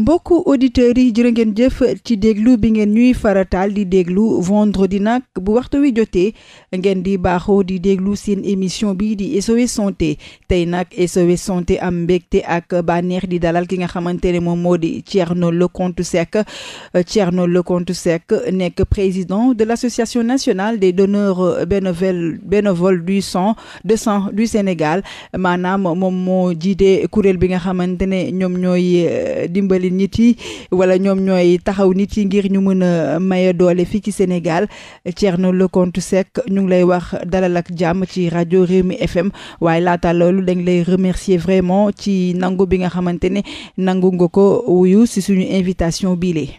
mbokku auditeurs yi jërë ngeen jëf ci déglu bi ngeen ñuy farataal di déglu vendredi nag bu waxtu wi jotee ngeen di baaxoo di déglu seen émission bi di SOS santé tey nag SOS santé am mbégte ak bànneex di dalal ki nga xamante ne moom moo di Thierno Lecompte Seck Thierno Lecompte Seck nekk président de l'association nationale des donneurs bénévoles bénévoles du sang de sang du Sénégal maanaam moom moo jiite kuréel bi nga xamante ne ñoom ñooy eh, dimbali dooleel nit yi wala ñoom ñooy taxaw nit yi ngir ñu mën a maye doole fii ci Sénégal Thierno Lecompte Seck ñu ngi lay wax dalal ak jàmm ci rajo Rewmi FM waaye laata loolu dañ lay remercier vraiment ci nangu bi nga xamante ne nangu nga ko wuyu si suñu invitation bii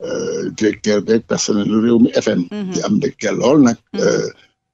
Euh, directeur beeg personnel lu réew mi FM. Mm-hmm. di am dëkk lool nag. Mm-hmm. Euh,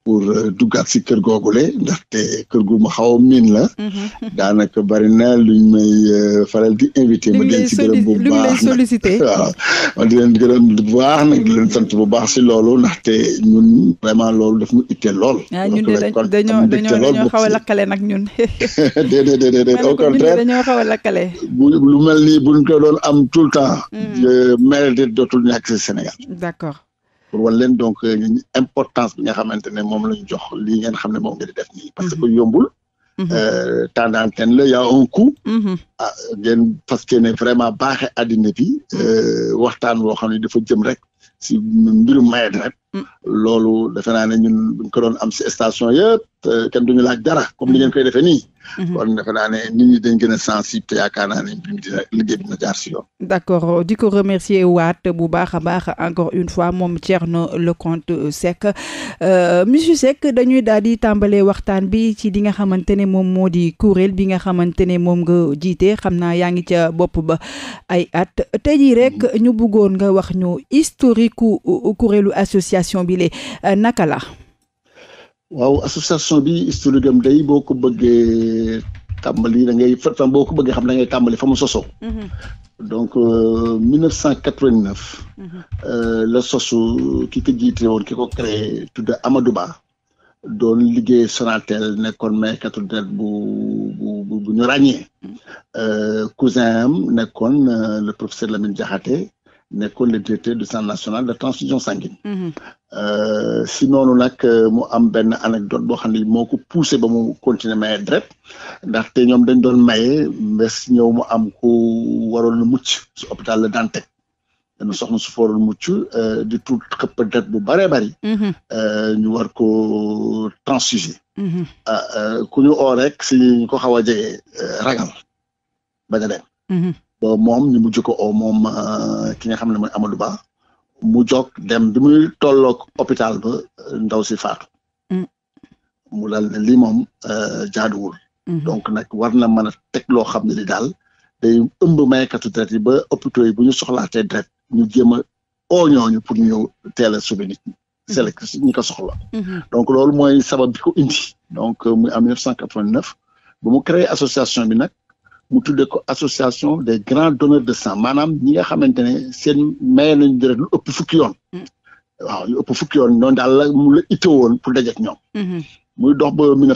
pour euh, duggaat si kër googu googule ndaxte kër gu ma xaw a miin la. Mhm. daanaka bari na luñ may euh, faral di invité. ma di ci gërëm bu baax luñ lay waaw ma di leen gërëm bu baax nag di leen sant bu baax si loolu ndaxte ñun vraiment loolu def ñu itteel lool. Ah, ñun de dañoo dañoo dañoo xaw a lakkale nag ñun. déedéet déedéet au contraire dañoo xaw a lakkale. bu lu mel nii buñ ko doon am tout le temps. Mhm. mérite dootul ñàkk si Sénégal. d'accord. pour wal leen donc euh, importance bi nga xamante ne moom la ñu jox lii ngeen xam ne moom nga di def nii parce que mhm. yombul mhm. Euh, temps d'antenne la y a un coût mhm. ah ngeen parce que ne vraiment baaxe àddina bi euh, waxtaan woo xam ne dafa jëm rek si mbirum maye deret loolu defe naa ne ñun duñ ko doon am si station yëpp kenn duñu laaj dara comme ni ngeen koy defee nii Mm-hmm. kon defe naa nit ñi dañ gën sensible te d' accord di ko remercier waat bu baax a baax encore une fois moom Thierno Lecompte Seck euh, monsieur Seck dañuy daal di tàmbalee waxtaan bi ci li nga xamante ne moom moo di kuréel bi nga xamante ne moom nga jiite xam naa yaa ngi ca bopp ba ay at te jii rek mm-hmm. ñu bëggoon nga wax ñu historique ku kuréelu association bi le euh, naka la. waaw association bi historique am day boo ko bëggee tàmbali da ngay fa boo ko bëggee xam da ngay tàmbali fa mu sosoo. Mhm. donc euh, mhm. euh, la sosu ki ko jiite woon ki ko créé tudda Amadou Ba doon liggéey Sonatel nekkoon maykatu det bu bu bu ñu ràññee. Mhm. Euh, cousin am nekkoon le professeur Lamine Diakhaté. nekkoon le directeur du centre national de transfusion sanguine. Mhm. Euh, si noonu nag euh, mu am benn anecdote boo xam ne moo ko poussé ba mu continuer maye deret ndaxte ñoom dañ doon maye mbes ñëw mu am ku waroon na mucc su hôpital la Dantec dañu soxna su fooroon mucc euh, di tout xëpp deret bu bëree bari mhm. ñu war ko transfuser. Mhm. Ah, ku ñu oo rek si ñu ko xaw a jege ragal bañ ba moom ñu mujj ko oo moom euh, ki nga xam ne mooy Amadou Ba mu jog dem bi muy tolloog hôpital ba euh, ndaw si faatu mm. mu dal ne lii moom euh, jaaduwul mm-hmm. donc nag war na mën a teg loo xam ni daal daal day ëmb maykatu deret yi ba hôpitaux yi bu ñu soxlaatee deret ñu jéem a oo ñooñu pour ñu ñëw teel a subi nit mm-hmm. ko soxla mm-hmm. donc loolu mooy sabab bi indi donc muy en 1989 bu mu créé association bi nag mu tuddee association des grands donneurs de sang maanaam ñi nga xamante ne seen maye nañu deret lu ëpp fukki yoon. Mm. waaw lu ëpp fukki yoon noonu daal la mu la itte woon pour dajeek ñoom. Mm-hmm. muy dox ba 1995 euh,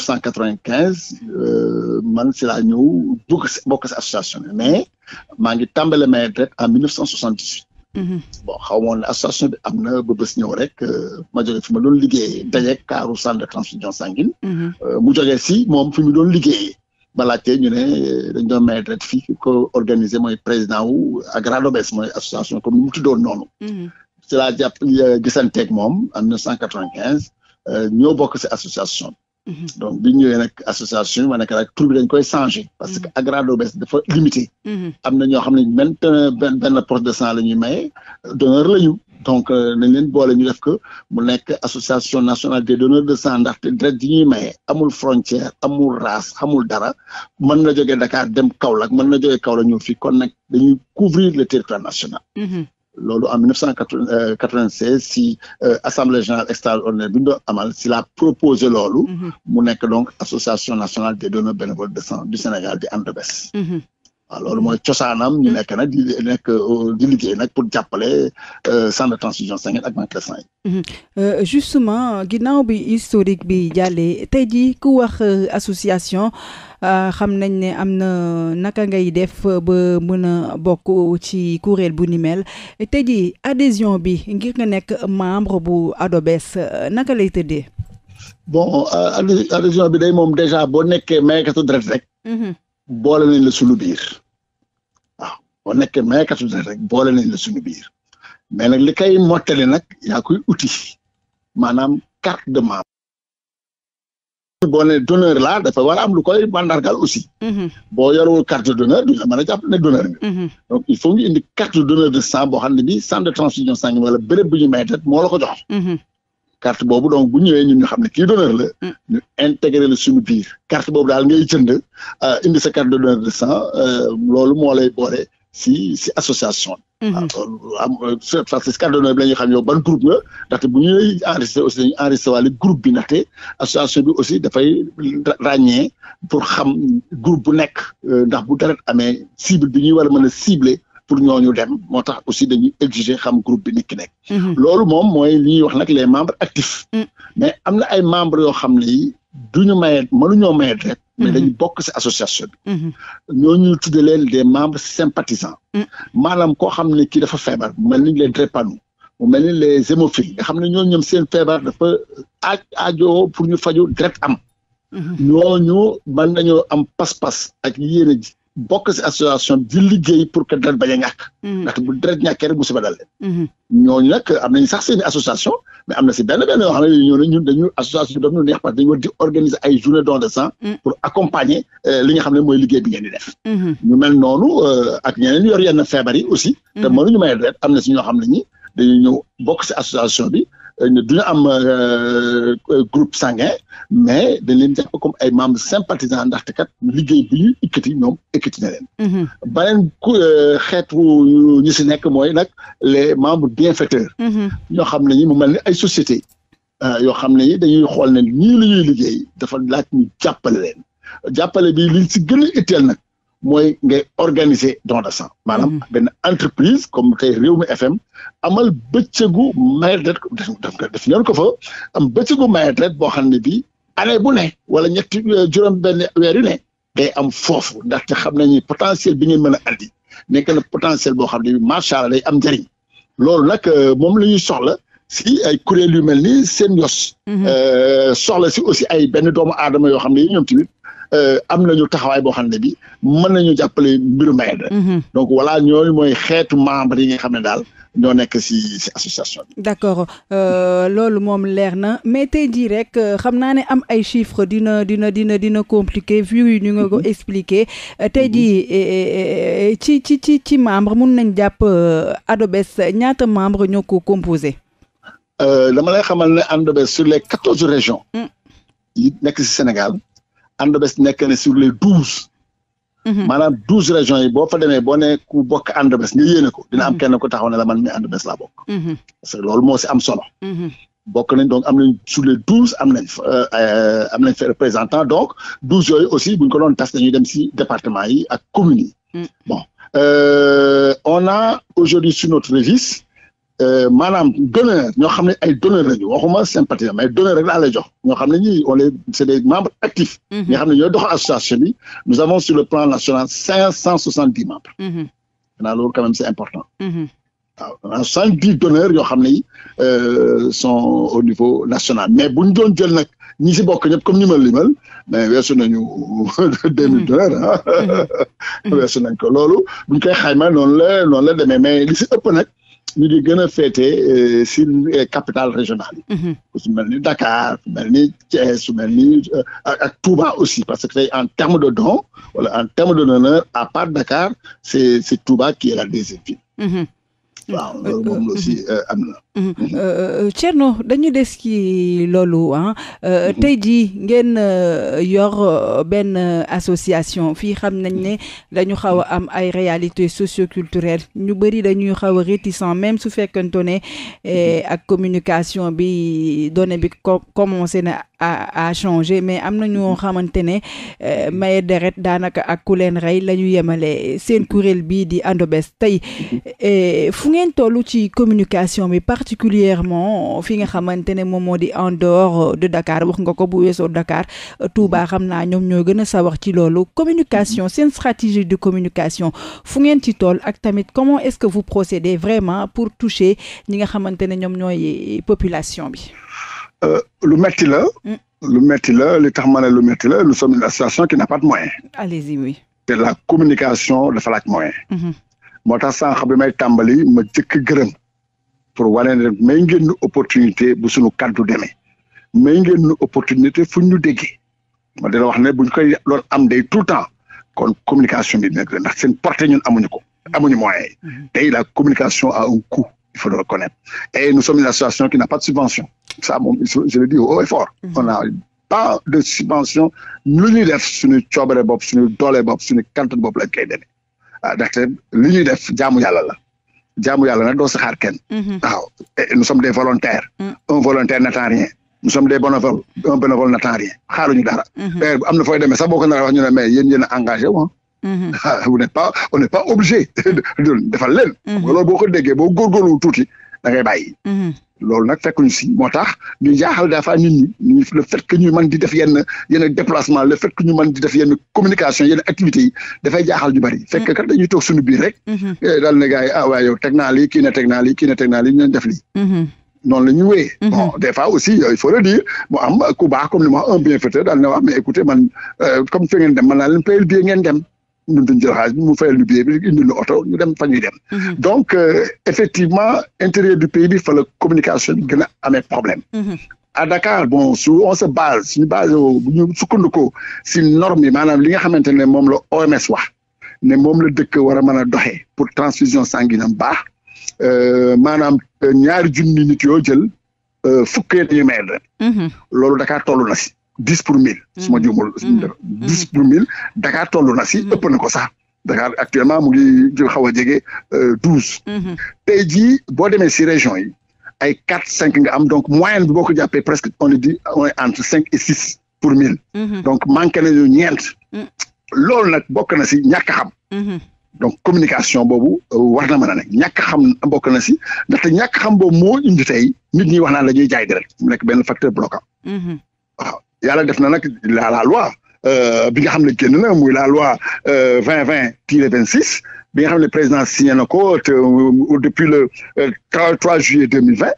man si laa ñëw bokk association bi mais maa ngi tàmbale maye deret en 1978. Mm-hmm. bon xaw ma woon ne association bi am na ba bés ñëw rek euh, ma jógee fi ma doon liggéeyee dajeek kaaru centre de transfusion sanguine. Mm-hmm. Euh, mu jógee si moom fi mu ma laajtee ñu ne euh, dañ doon may retraite fii ko organiser mooy président wu Agradobes mooy association comme ni mu tuddoon noonu ci mm-hmm. laa jàpp euh, gisanteeg moom en neuf cent quatre-vingt-quinze euh, ñoo bokk ci association mm-hmm. donc bi ñëwee association bi ma nekk rek tur parce que mm-hmm. Agradobes dafa limité am na ñoo xam ne benn benn poste de sang la ñuy maye donneur la donc nañ leen boole ñu def ko mu nekk association nationale des donneurs de sang ndaxte deret yi ñuy maye amul frontière amul race amul dara mën na jógee Dakar dem Kaolack mën na jógee Kaolack ñëw fii kon nag dañuy couvrir le territoire national. Mhm. loolu en 1996 euh, si euh, assemblée générale extraordinaire bi ñu amal si la proposé loolu. Mhm. mu nekk donc association nationale des donneurs bénévoles de sang du Sénégal di ANDBES. waaw loolu mooy cosaanam ñu hmm. nekk nag di nekk euh, di liggéey nag pour jàppale euh, centre de transfusion sanguine ak banque sang hmm. euh, justement ginnaaw bi historique bi jàllee tey jii ku wax association xam nañ ne am na naka ngay def ba mën a bokk ci kuréel bu nimel mel tey jii adhésion bi ngir nga nekk membre bu ADOBES naka lay tëddee bon adhésion bi day moom déjà boo nekkee maykatu deret rek hmm. boole nañ la suñu a waaw boo nekkee maykatu deret rek boole nañ la suñu biir mais nag li kay mottali nag yaa koy uti maanaam carte de membre. boo donneur la dafa war a am lu koy mandargal aussi. Mhm. boo yorewul carte donneur duñ la mën a jàpp ne donneur nga. Mhm. donc il faut ngi indi carte donneur de sang boo ne bii centre de transfusion sanguine wala béréb bu ñu may tet moo la jox. Mhm. carte boobu donc bu ñëwee ñun ñu xam ne kii donneur la. Mm. ñu intégré la suñu boobu daal ngay jënd euh, indi sa carte de euh, loolu moo lay boole si si association. Mm-hmm. Ah, am euh, parce que carte de la ñuy xam yow ban groupe nga ndaxte bu ñu lay enregistré aussi dañuy enregistré wàllu groupe bi ndaxte association bi aussi dafay ràññee pour xam groupe bu nekk ndax bu dara ame cible bi ñuy war a mën a ciblé. pour ñooñu dem moo tax aussi dañuy exiger xam groupe bi ki nekk. Mhm. loolu moom mooy li ñuy wax nag les membres actifs. Mm. mais am na ay membres yoo xam ne du ñu mayet mënuñoo mayet rek. mais mhm. dañu bokk ci association bi. Mhm. ñooñu tuddee leen des membres sympathisants. Mm. maanaam koo xam ne kii dafa feebar mel ni les drépano mu mel ni les hémophiles xam ne ñooñu ñoom seen feebar dafa aaj aajoo pour ñu faju direct am. ñooñu mën nañoo am pas-pas ak yéene ji bokk si association di liggéey pour que deret bañ a ñàkk mhm. ndaxte bu deret ñàkkee rek musiba dal leen mhm. ñooñu nag am nañu sax seen association mais am na si benn benn yoo xam ne ñoo ne ñun dañu association daf di organiser ay journée don de sang mhm. pour accompagner euh, li nga xam ne mooy liggéey bi ngeen di def ñu mel noonu euh, ak ñeneen yor yenn feebar yi aussi ñu mënuñu may deret am na si ñoo xam na ñi dañu ñëw bokk si association bi duñu am euh, groupe sanguin mais dañ leen jàpp comme ay membres sympathisants ndaxte kat liggéey bi ñu ikkati ñoom ikkati na leen. Mhm. beneen euh, xeetu ñu si nekk mooy nag les membres bienfaiteurs. Mhm. ñoo xam ne ñi mu mel ni ay sociétés. Euh, yoo xam ne dañuy xool ne nii lañuy liggéey dafa laaj ñu jàppale leen jàppale bi liñ si gën a itteel mooy ngay organiser don de sang maanaam mm. benn entreprise comme tey Rewmi FM amal bëccëgu maye deret def ñoon ko fa am bëccëgu maye deret boo xam ne bii année bu ne wala ñetti euh, juróom benn weer yu ne day am foofu ndaxte xam nañu potentiel bi ngeen mën a andi nekk na potentiel boo xam ne bi macha allah am njëriñ loolu nag euh, moom la ñuy soxla si ay kuréel yu mel ni seen yos mm-hmm. euh, soxla si aussi ay benn doomu aadama yoo xam ne yi ñoom tamit Euh, am nañu taxawaay boo xam ne bi mën nañu jàppale mbiru Maïda mhm. donc voilà ñooñu mooy xeetu membre yi nga xam ne daal ñoo nekk si si association d'accord euh, loolu moom leer na mais tey jii rek euh, xam naa ne am ay chiffres dina dina dina dina compliqué vu yi ñu nga ko mhm. expliqué tey mhm. jii eh, eh, eh, ci ci ci ci membre mun nañ jàpp ADOBES ñaata membre ñoo ko composé. dama lay xamal ne ADOBES sur les quatorze régions. Mm. yi nekk si Sénégal. ànd bés nekk na sur les douze. Mhm. maanaam douze régions yi boo fa demee boo ne ku bokk ànd bés nga yéene ko dina am mhm. kenn ko taxaw ne la man mi ànd bés laa bokk. Mhm. parce que loolu moo am solo. bokk nañ donc am sur les douze am nañ euh, euh, représentant donc douze yooyu aussi buñ ko doon tas dañuy dem si département yi ak communes yi. bon euh, on a aujourd'hui sur notre registre Euh, maanaam donneur ñoo xam ne ay donneur lañu waxuma sympathie mais donneur rek laa jox ñoo xam ne ñii des membres actifs. Mhm. ñoo xam ne ñooy doxal association bi nous avons sur le plan national cinq cent soixante dix membres. Mhm. naa loolu quand même important. Mhm. waaw soixante dix donneurs yoo xam ne euh, sont au niveau national mais bu ñu doon jël nag ñi si bok ñëpp comme ni ma limal mais weesu nañu deux mille donneurs ah. weesu nañ ko loolu bu koy xayma noonu la noonu la mais li si ëpp nag. ñu di gën a féetee euh, mm-hmm. si capitale régionale yi su mel ni Dakar su mel ni Thiès su mel ni euh, Touba aussi parce que tey en terme de don wala en terme de honneur à part Dakar c'est Touba qui est la deuxième waaw loolu moom euh, mhm. euh, euh, dañu des ci loolu ah. mhm. tey jii ngeen yor benn association fii xam nañ ne dañu xaw a am ay réalité réalités socioculturelles ñu bëri dañuy xaw a réticent même su fekkante ne eh, ak communication bi donné bi commencé na. a changé mais am na ñoo mhm. xamante ne euh, maye deret daanaka ak ku leen rey la ñu yemale seen kuréel bii di Ando Bes tey mhm. euh, fu ngeen toll ci communication bi particulièrement fi nga xamante ne moom moo di en dehors de Dakar wax nga ko bu weesoo Dakar Touba mhm. xam naa ñoom ñoo gën a sawar ci loolu communication seen stratégie de communication fu ngeen ci toll ak tamit comment est-ce que vous procédez vraiment pour toucher ñi nga xamante ne ñoom ñooy population bi Euh, lu metti la. Mm. lu metti la li tax ma ne lu metti la nous sommes une association qui n'a pas de te la communication dafa laaj moyen. Mm-hmm. moo tax sànq bi may tàmbali ma jëkk gërëm pour wane ne may ngeen opportunité bu suñu kaddu demee may ngeen opportunité fu ñu déggee ma dina wax ne buñ koy loolu am day tout le temps kon communication bi dina gën ndax seen portée ñun amuñ ko amuñu moyen yi. Mm-hmm. tey la communication a un il faut le reconnaître. Et nous sommes une association qui n'a pas de subvention. Ça, bon, je le dis haut et mhm. pas de subvention. Nous ñu def suñu coobare bopp suñu doole bopp suñu kàttan bopp lañ koy demee ah, ndaxte li ñuy def jaamu yàlla la jaamu yàlla nag doo si xaar kenn. Mhm. waaw nous sommes des volontaires. Mm -hmm. un volontaire n'attend rien. nous sommes des bénévoles un bénévole n'attend rien xaaruñu dara. Mhm. am na fooy demee sax boo ko nar a wax ñu ne a engagé Mm-hmm. on n'est pas on n'est pas obligé de defal leen mm-hmm. loolu ko déggee boo góorgóorlu tuuti da ngay bàyyi mm-hmm. loolu nag fekkuñu si moo tax ñu jaaxal dafa nit ñi le fait le fait que ñu mën di def yenn communication yenn activités yi dafay jaaxal ñu bëri fekk kat dañuy toog suñu biir rek eh, daal ne gars yi ah waaye yow teg naa lii kii na teg naa lii kii na euh, il faut le dire mu am ku comme ni ma un bienfaiteur daal ne wax mais écoutez man euh, comme fi dem man naa leen payal bien dem ñun duñ jël xaalis bi mu fayal ñu billet bi indi lu oto ñu dem fa ñuy dem. Mhm. donc euh, effectivement intérieur du pays bi fa la communication bi gën amee problème. Mhm. à Dakar bon su on se base suñu base bu ñu si norme yi maanaam li nga xamante ne moom la OMS wax ne moom la dëkk war a mën a doxee pour transfusion sanguine am baax euh, maanaam euh, ñaari junni nit yoo jël fukkee dañuy may loolu Dakar toll dix pour mille. Mm-hmm. su ma juumul mm-hmm. Mm-hmm. dix pour Dakar toll na si ëpp na ko sax. Dakar actuellement mu ngi xaw a jege euh, douze. tey jii boo demee si région yi ay quatre cinq nga am donc moyenne bi boo ko jàppee presque on est dit entre cinq et six pour mille. donc manqué nañu ñeent. loolu nag bokk na si ñàkk xam. donc communication boobu euh, war na mën a nekk ñàkk xam bokk na si ndaxte ñàkk xam boobu moo indi tey nit ñi wax naan la ñuy jaay mu nekk benn facteur bloquant. yàlla def na nag la la loi euh, bi nga xam ne génn na muy la loi euh, vingt vingt tiré vingt six bi nga xam ne président signé na ko euh, depuis le trois juillet deux mille vingt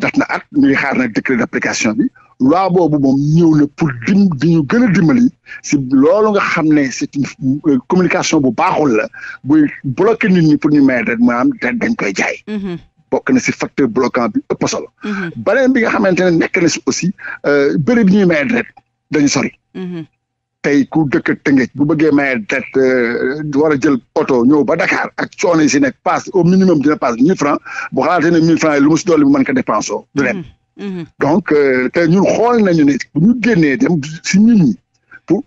daf na at ñuy xaar nag décret d'application bi loi boobu moom ñëw na pour dim di ñu gën a dimbali si loolu nga xam ne c'est une communication bu baaxul la buy bloqué nit ñi pour ñu may rek maanaam dañ koy jaay. Mm-hmm. bokk na si facteur bloquant bi ëpp solo. Mhm. bi nga xamante ne nekk na si aussi euh, bëri bi ñuy maye deret dañu sori. Mhm. tey ku dëkk Tëngéej bu bëggee maye deret euh, war a jël oto ñëw ba Dakar ak coono yi si nekk passe au minimum dina passe mille francs bu xalaatee ne mille francs yi lu mu si dolli mu mën ko dépensé woo. du mhm. Euh, te ñun xool nañu ne bu si nit ñi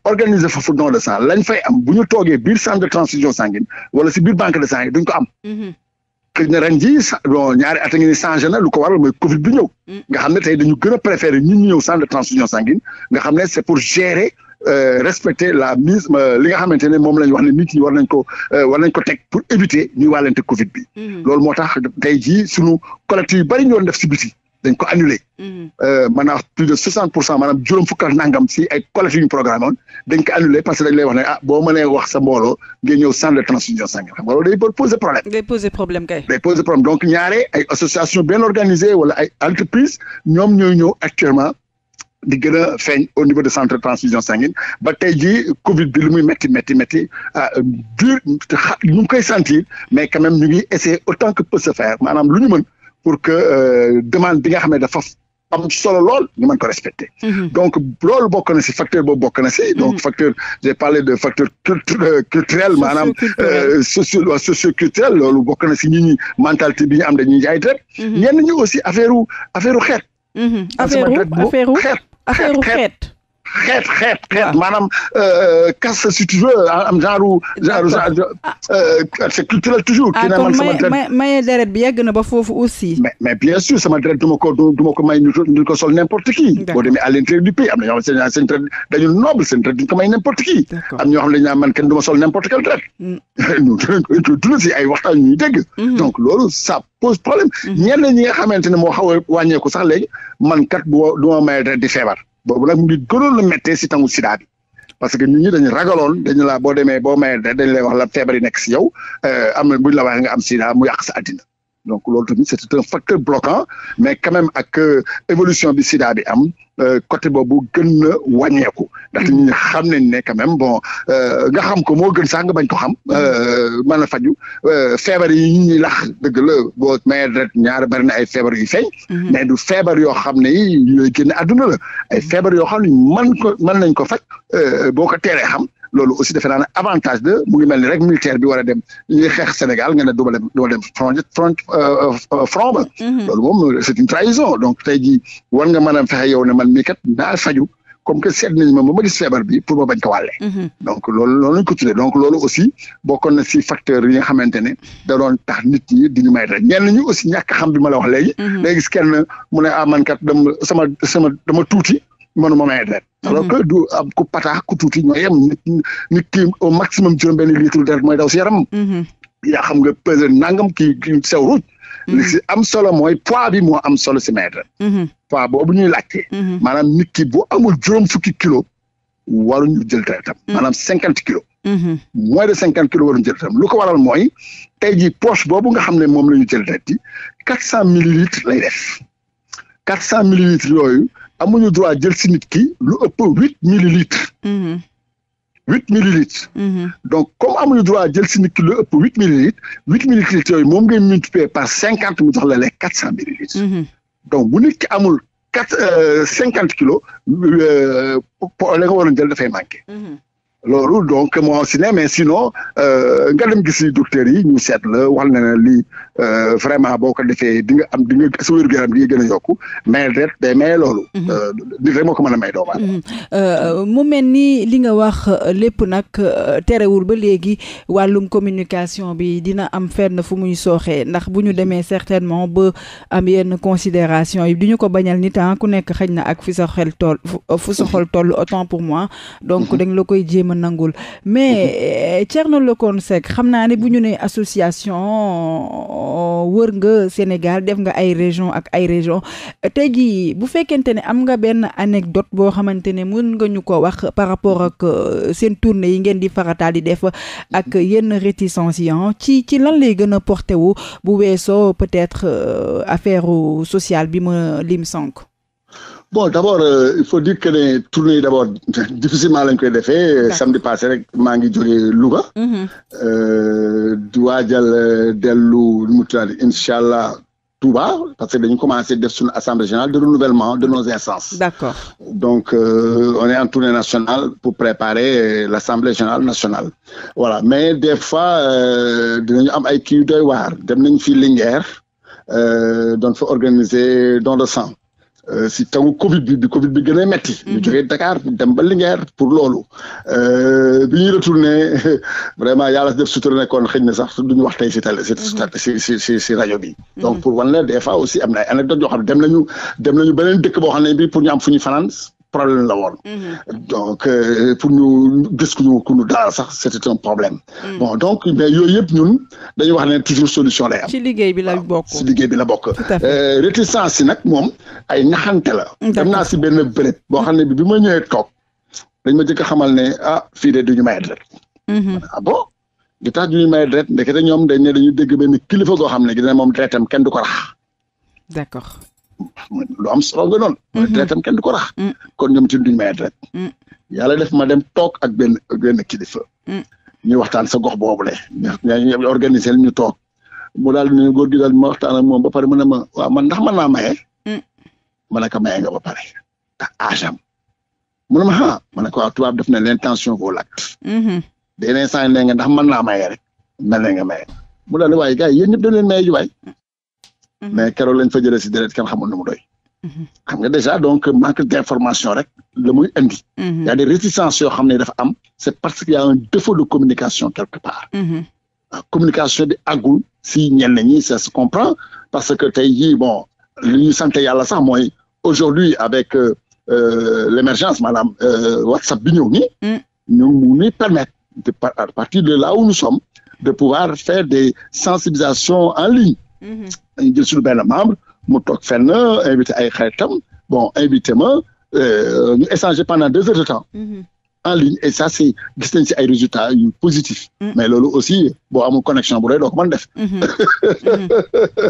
organiser foofu don de sang lañ fay am bu ñu toogee san centre de transfusion sanguine wala si biir banque de sang yi duñ ko am. xëy na ren jii bon ñaari at a ngi na lu ko waral mooy Covid bi ñëw. Mm. nga xam ne tey dañu gën a préféré ñun ñu ñëw centre de transfusion sanguine nga xam ne c'est pour gérer. Euh, respecter la mise li nga xamante ne moom lañ wax ne nit ñi war nañ ko euh, war nañ ko teg pour éviter ñuy wàllante Covid bi. Mm. loolu moo tax tey ji sunu collectif yu bari ñu doon def si dañ ko annulé. Mhm. Euh, maanaam plus de 60 pour cent maanaam juróom fukk ak nangam si ay collèges yu ñu programme woon dañ ko parce que dañ lay ah, boo mënee wax sa mbooloo ngeen ñëw centre de transfusion sanguine xam nga loolu day poser problème. day poser problème kay. day poser problème donc ñaare association bien organisée wala ay entreprise ñoom ñooy ñëw actuellement. di gën a feeñ au niveau de centre de transfusion sanguine ba tey jii Covid bi lu muy métti métti métti ah dur ñu ngi koy sentir mais quand même ñu ngi essayer autant que peut se faire maanaam lu ñu mën. pour que euh, demande bi nga xam ne dafa am solo lool ñu mën ko respecter. Mhm. donc loolu bokk na si facteur boobu bokk na si. Mhm. donc facteur j'ai parlé de facteur euh, culturel maanaam. Euh, socio socio culturel loolu bokk na si nit ñi mentalité bi ñu am dañuy jaay rek. Mhm. ñenn ñi aussi affaire affaire xeet. affaire affaire xeet xeet xeet. xeet xeet ah. xeet maanaam euh, euh, casse si tu veux ah, am genre genre ah. euh, c'est culturel toujours. ah kon may maye deret bi na ba foofu aussi. mais mais bien sûr sama deret du ma ko may ko sol n'importe qui. boo demee à l'intérieur du pays am na ñoo xam ne seen deret dañu noble seen deret duñ ko may n'importe qui. am ñoo xam ne dañu man kenn du sol n'importe quel deret. Mm. dina si ay waxtaan ñuy dégg. Mm-hmm. donc loolu ça pose problème. Mm-hmm. ñenn ñi nga xamante ne moo xaw a wàññeeku sax léegi man kat du ma du ma di feebar. boobu nag mu ngi gënoon si tangu sida bi parce que nit ñi dañu ragaloon dañu laa boo demee boo mayee dañ lay wax la feebar yi nekk si yow euh, am na buñ la waxee nga am sida mu yàq sa àddina donc loolu tamit c' est un facteur bloquant mais quand ak euh, évolution bi sida bi am euh, côté boobu gën na wàññeeku ndaxte ñu xam nañ ne quand même bon euh, nga xam ko moo gën sax nga bañ ko xam mën a faju feebar yi ñu ñuy lax dëgg la boo mayee deret ñaar bari na ay feebar yu feeñ mhm. mais du feebar yoo xam ne yi yooyu génn àdduna la feebar yoo xam ne mën ko mën nañ ko faj boo ko teelee xam loolu aussi defe naa ne avantage la mu ngi mel ni rek militaire bi war dem li xeex Sénégal nga ne du ma dem du ma dem front front euh, mhm. loolu moom c'est une donc tey ji war nga mën a fexe yow ne man mi kat naa faju comme que seet nañ ma ba ma gis feebar bi pour ma bañ ko wàllee. Mhm. donc loolu loolu lañ ko tuddee donc loolu aussi bokkoon na si facteur yi nga xamante ne da doon tax nit ñi di ñu may rek ñenn ñu aussi ñàkk xam bi ma la wax léegi. day mhm. gis kenn mu ne ah man kat dama sama sama dama tuuti mënuma may rek. alors mhm. que du am ku pata ku tuuti ñooy yem nit nit ki au maximum juróom-benn litre deret mooy daw si yaram. Mhm. yaa xam nga pesé nangam ki kii sew ruuj. Mhm. am solo mooy pois bi moo am solo si mètre. poids boobu ñuy laajte. maanaam nit ki bu amul juróom fukki kilo waruñu jël deretam. maanaam cinquante kilos. moins de cinquante kilos waruñu jël deretam lu ko waral mooy tey jii poche boobu nga xam ne moom la ñu jël deret yi quatre cent millilitres lay def quatre cent millilitres yooyu. amuñu droit jël si nit ki lu ëpp huit millilitres. Mhm. huit millilitres. Mhm. donc comme amuñu droit jël si nit lu ëpp huit millilitres huit millilitres yooyu moom ngay multiplier par cinquante mu jox la les quatre cent millilitres. Mhm. donc bu nit ki amul quatre euh, cinquante kilos po euh, la nga waroon jël dafay manqué. loolu donc moo si ne mais sinon euh, nga dem gis docteur yi ñu seet la wax na ne lii Euh, vraiment boo ko defee di nga am di nga sa wér-gu-yaram di nga gën yokku mais ret day loolu. Mhm. Euh, nit rek moo ko mën a may doomu mhm. euh, mu mel ni li nga wax lépp nag terewul ba léegi wàllum communication bi dina am fenn fu muy soxee ndax bu ñu demee certainement ba am yenn considération yi du ñu ko bañal nit ah ku nekk xëy na ak fi sa xel toll fu sa xol toll autant pour moi donc mhm. dañ la koy jéem a nangul mais Thierno Locone Seck xam naa ne bu ñu ne association wër nga Sénégal def nga ay région ak ay région tey jii bu fekkente ne am nga benn anecdote boo xamante ne mën nga ñu ko wax par rapport ak euh, seen tournée yi ngeen di farataal di def ak yenn réticence yi ah, ci ci lan lay gën a porté wu bu weesoo peut-être euh, affaire sociale bi ma lim sànq bon d' abord euh, il faut dire que ne tournée yi difficilement lañ koy defee. samedi passé rek maa ngi jógee Louga. Mhm. Euh, di waajal euh, dellu nu mu tuddati incha allah. Touba parce que dañu commencé def suñu assemblée générale de renouvellement de nos instances. D'accord. donc euh, on est en tournée nationale pour préparer euh, l'assemblée générale nationale voilà mais des fois dinañu am ay kii doy waar dem nañ fi Linguère doon fa organiser don le sang Euh, si taw Covid bi bi Covid bi gën a metti ñu mhm. jógee Dakar dem ba Linguère pour loolu euh, bi ñuy retourné vraiment yàlla def sutura nekkoon xëy na sax duñu wax tey si télé si si mhm. si rajo bi mhm. donc pour wan la des fois aussi am na ay anecdote yoo xam ne dem nañu dem nañu beneen dëkk boo xam ne bi pour ñu am fu ñu problème la woon. Mhm. donc euh, pour ñu gis ku ñu ku ñu daal sax c' était un problème. Mhm. bon donc mais yooyu yëpp ñun dañuy wax ne toujours solution lay am. ci liggéey bi la bokk ci liggéey bi la bokk. Euh, réticence yi nag moom ay ñaxante la. dem naa si benn béréb. boo xam ne bi bi ma ñëwee toog dañ ma jëkk a xamal ne ah fii de du ñu may bo mhm. ah bon li tax du ñu may deret ndekete ñoom dañ ne dañu dégg benn kilifa goo xam ne gis ne moom deretam kenn du ko lu am solo nga noonu. mooy mm-hmm. traite am ko rax. Mm. kon ñoom tamit duñ may traite. Mm. yàlla def ma dem toog ak benn benn kilifa. Mm. ñuy waxtaan sa gox boobule. ñu organiser ñu toog mu daal ñu ne góor gi daal ma waxtaan ak moom ba pare mu ne ma waaw man ndax man naa maye. ma ne ko maye nga ba pare. ndax âge am mu ne ma ah ma ne ko waaw def na l'intention vaut l'acte. beneen mm-hmm. saa ne nga ndax mën naa maye rek. mel na nga maye mu daal waaye gars yi yéen ñëpp dañ leen waay Mhm. mais keroog lañ fa jëlee si deret kenn mhm. xam nga déjà donc manque d'information rek la muy indi. Mhm. y a des réticences yoo xam ne dafa am. c'est parce qu'il y a un défaut de communication quelque part. Euh, communication bi àggul si ñenn ñi ça se comprend parce que tey jii bon li ñu sant yàlla sax mooy aujourd'hui avec euh, euh l'émergence maanaam euh, WhatsApp bi ñëw nii. Mm. ñu mun permettre de à partir de là où nous sommes de pouvoir faire des sensibilisations en ligne. dañu jël suñu benn membre mu toog fenn invité ay xaritam bon invité ma euh, ñu échanger pendant deux heures de temps. Mm-hmm. en ligne et ça c'est gis ay résultats yu mm. mais loolu aussi boo amul connexion bu doy doo ko def. Mm-hmm.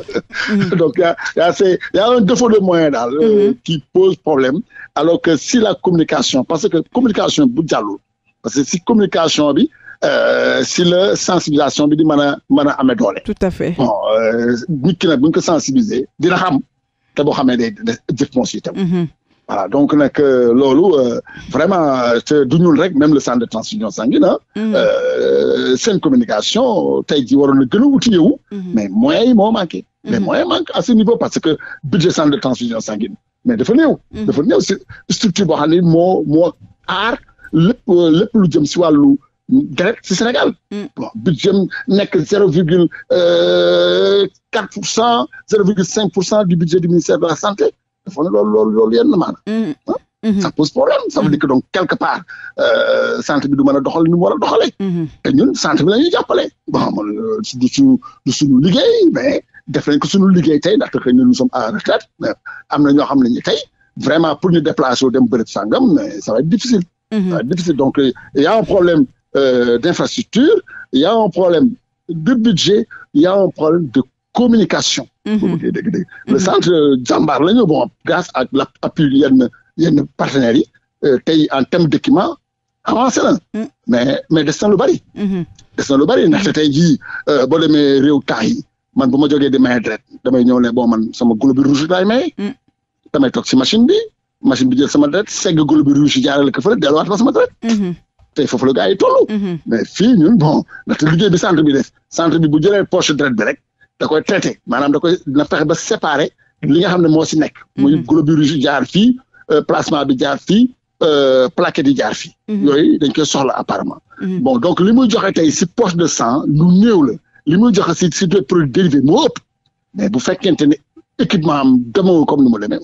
Mm-hmm. donc y a a c'est a un défaut de moyen daal. Euh, qui pose problème alors que si la communication parce que communication bu jàllul parce que si communication bi. Euh, si la sensibilisation bi di mën a mën a amee doole. tout à fait bon euh, nit ki nag bu ñu ko sensibiliser dina xam te boo xamee day jëf moom si tam. Mm-hmm. voilà donc nag euh, loolu vraiment te du rek même le centre de transfusion sanguine mm-hmm. seen communication tey jii waroon na gën a wuti yow. Mm-hmm. mais moyens yi moo manqué. mais moyens manquent a ce niveau parce que budget centre de transfusion sanguine mais dafa néew. dafa néew structure boo xam ne moo moo aar lépp lépp direct ci Sénégal. Mm. bon budget nekk zéro virgule euh, quatre pour cent zéro virgule cinq pour cent du budget du ministère de la santé dafa ne lool loolu loolu yenn maanaam. Mm. Mm-hmm. ça pose problème ça veut dire que donc quelque part centre euh, bi du mën a doxal ni mu war a doxalee. Mm-hmm. ñun centre bi la ñuy jàppale. bon man euh, du suñu du suñu liggéey mais def nañ ko suñu liggéey tey ndaxte que ñun nous sommes à retraite am na ñoo xam ne ñu tey vraiment pour ñu déplacer wu dem bërëb sangam mais ça va difficile. Mm-hmm. ça euh, d'infrastructure, il y a un problème de budget, il un problème de communication. Mm Le mhm. centre jàmbaar lañu ñu bon grâce ak la appui yenn yenn partenaires yi euh, tey en terme d'équipement avancé na. Mm. mais mais des na lu bari. Mhm. des na bari ndaxte mm. tey jii euh, boo demee réew taax yi man bu ma jógee di maye deret damay ñëw ne bon man sama globe rouge laay maye. Mm. damay toog si machine bi machine bi jël sama deret segg globe rouge jaarale ko fële delluwaat ko sama deret. Mhm. te foofu la gaa yi toll. Mhm. mais fii ñun bon ndaxte liggéey bi centre bi def centre bi bu jëlee poche deret bi rek da koy traité maanaam da koy na fexe ba séparé li nga xam si nekk. Mhm. muy globules rouges jaar fii euh, plasma bi jaar fii euh, plaquettes yi jaar fii. Mhm. yooyu dañ koy soxla apparemment. bon donc li joxe tey si poche de sang lu néew la li muy joxe si si des produits dérivés moo ëpp mais bu fekkente ne équipement am demeewul comme ni mu demee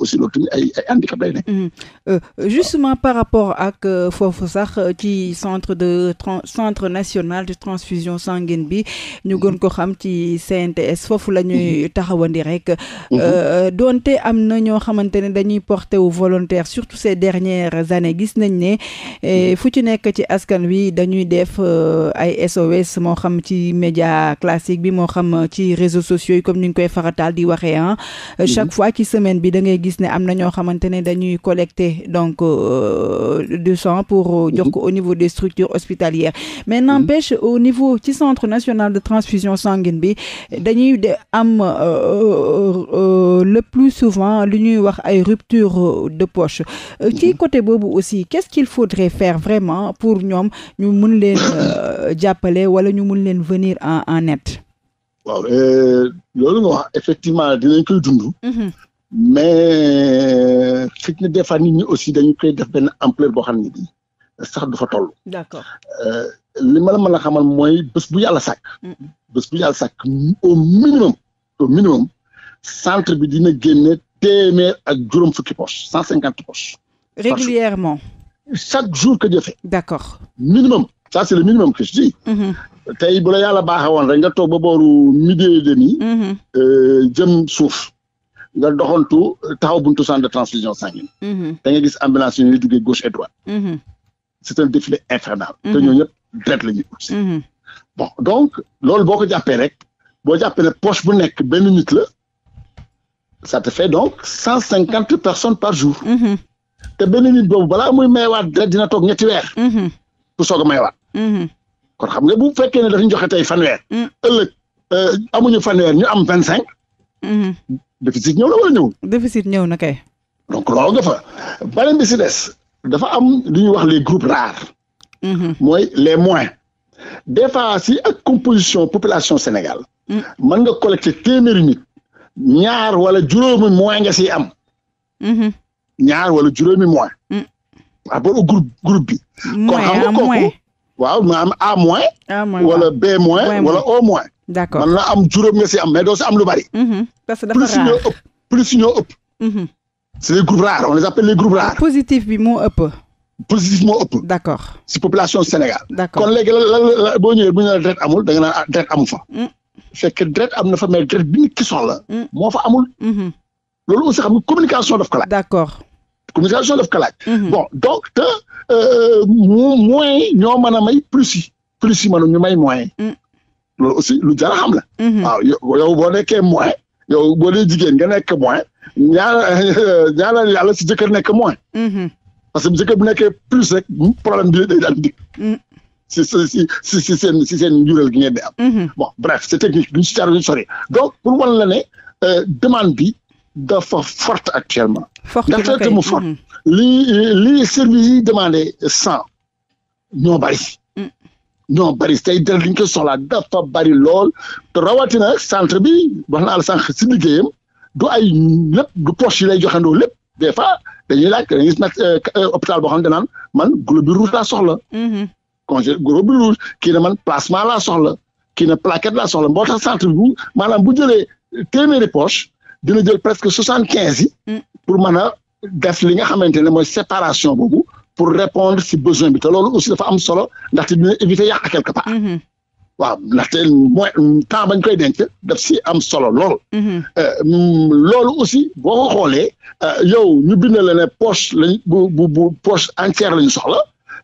ay ay handicap lay nekk. Mm-hmm. Euh, euh, justement par rapport ak euh, foofu sax ci centre de centre national de transfusion sanguine bi ñu gën mm-hmm. ko xam ci CNTS foofu la ñuy mm-hmm. taxawandi rek. donte am na ñoo xamante ne dañuy porté wu volontaire surtout ces dernières années gis nañ ne eh, fu ci nekk ci askan wi dañuy def ay SOS moo xam ci média classique bi moo xam ci réseaux sociaux yi comme ni ñu koy faratal di waxee ah. Euh, chaque mhm. fois ci semaine bi dangay gis ne am na ñoo xamante ne dañuy collecter donc euh, du sang pour euh, mhm. jox ko au niveau des structures hospitalières mais mhm. n'empêche au niveau ci centre national de transfusion sanguine bi dañuy de am le plus souvent lu ñuy wax ay rupture de poche ci côté boobu aussi qu'est-ce qu'il faudrait faire vraiment pour ñoom ñu mun leen jàppale wala ñu mun leen venir en en waaw eh, loolu wax effectivement dinañ koy dund. Mhm. mais xëy na des fois nit ñi aussi dañu koy def benn ampleur boo xam ne sax du fa toll. d'accord eh, li ma la mën a xamal mooy bés bu yàlla sàkk. Mhm. bés bu yàlla sàkk au minimum au minimum centre bi dina génne téeméer ak juróom fukki poche cent cinquante poche. régulièrement chaque jour que Dieu fait. d'accord minimum ça c'est le minimum que tey bu la yàlla baaxee woon rek nga toog ba booru midi et demi. Mm-hmm. Euh, jëm suuf. nga doxantu taxaw buntu san de transfusion sanguine. Mm-hmm. da nga gis ambulance yi ñuy duggee gauche et droite. Mm-hmm. c'est un défilé infernal. te ñoo ñëpp deret la ñuy ut donc loolu boo ko jàppee rek boo jàppee ne poche bu nekk benn nit la ça te fait donc cent cinquante personnes par jour. te benn nit boobu balaa muy mayewaat deret dina toog ñetti weer. pour soog a kon xam nga bu fekkee ne dafañ joxe tey fanweer. Mm. ëllëg euh, amuñu fanweer ñu am vingt cinq. Mm-hmm. déficit ñëw na wala ñëwul. déficit ñëw na kay. donc loolu nga fa beneen bi si des dafa am lu ñuy wax les groupes rares. Mm-hmm. mooy les moins. des fois si ak composition population Sénégal. Mm. mën nga collecter téeméeri nit. ñaar wala juróomi moins nga si am. Mm-hmm. ñaar wala juróomi moins. Mm. par groupe bi. kon xam waaw ma am A moins. wala B moins wala O moins. d' accord la am juróom nga si am mais doo si am lu bari. Mm-hmm. parce que dafa raar plus ñoo ëpp plus ñoo ëpp. Mm-hmm. c' est les groupes rares on les appelle les groupes rares. positif bi moo ëpp. positif moo ëpp. d' si population Sénégal. d' accord kon léegi la la boo ñëwee bu ñu la deret amul da nga naan ah, deret amu fa. c'est mm. que am na fa mais deret bi nit la mm. moo fa amul. Mm-hmm. loolu aussi xam communication daf ko la. accord. communication daf ko laaj. bon donc te moyens yi ñoo mën a may plus yi plus yi mënu ñu may moyens aussi lu jar a xam euh, la. waaw yow boo nekkee moyen yow boo dee jigéen nga nekk moyen ñaar ñaar yàlla si jëkkër nekk moyen. parce que jëkkër bu nekkee plus rek problème bi day daal si si si si si seen njuréel gi ngeen di bon bref c'est technique duñ si jaar duñ sori donc pour wan la euh, demande bi. dafa forte actuellement. forte dafa fekk mu forte. Mm-hmm. li li service demande demandé ñoo bari. Mm. ñoo bari tey dara li ñu ko soxlaa dafa bari lool te rawatina centre bi wax na la sànq si liggéeyam du ay lépp du poche yi lay joxando lépp des fois dañuy laaj gis nag euh, euh, hôpital boo xam ne naan man globule rouge laa soxla. Mm-hmm. congé globule rouge kii na man placement la soxla kii na plaquette la soxla moo tax centre bi bu maanaam bu jëlee téeméeri poche. dina jël presque soixante quinze yi. Mm. pour mën a def li nga xamante ne mooy séparation boobu pour répondre si besoin bi te loolu aussi dafa am solo ndaxte dina éviter yàq quelque part. Mm-hmm. waaw ndaxte mooy temps bañ koy denc daf si am solo lool. Mm-hmm. Euh, loolu aussi boo xoolee euh, yow ñu bind la ne poche lañ bu bu bu poche entière la ñu soxla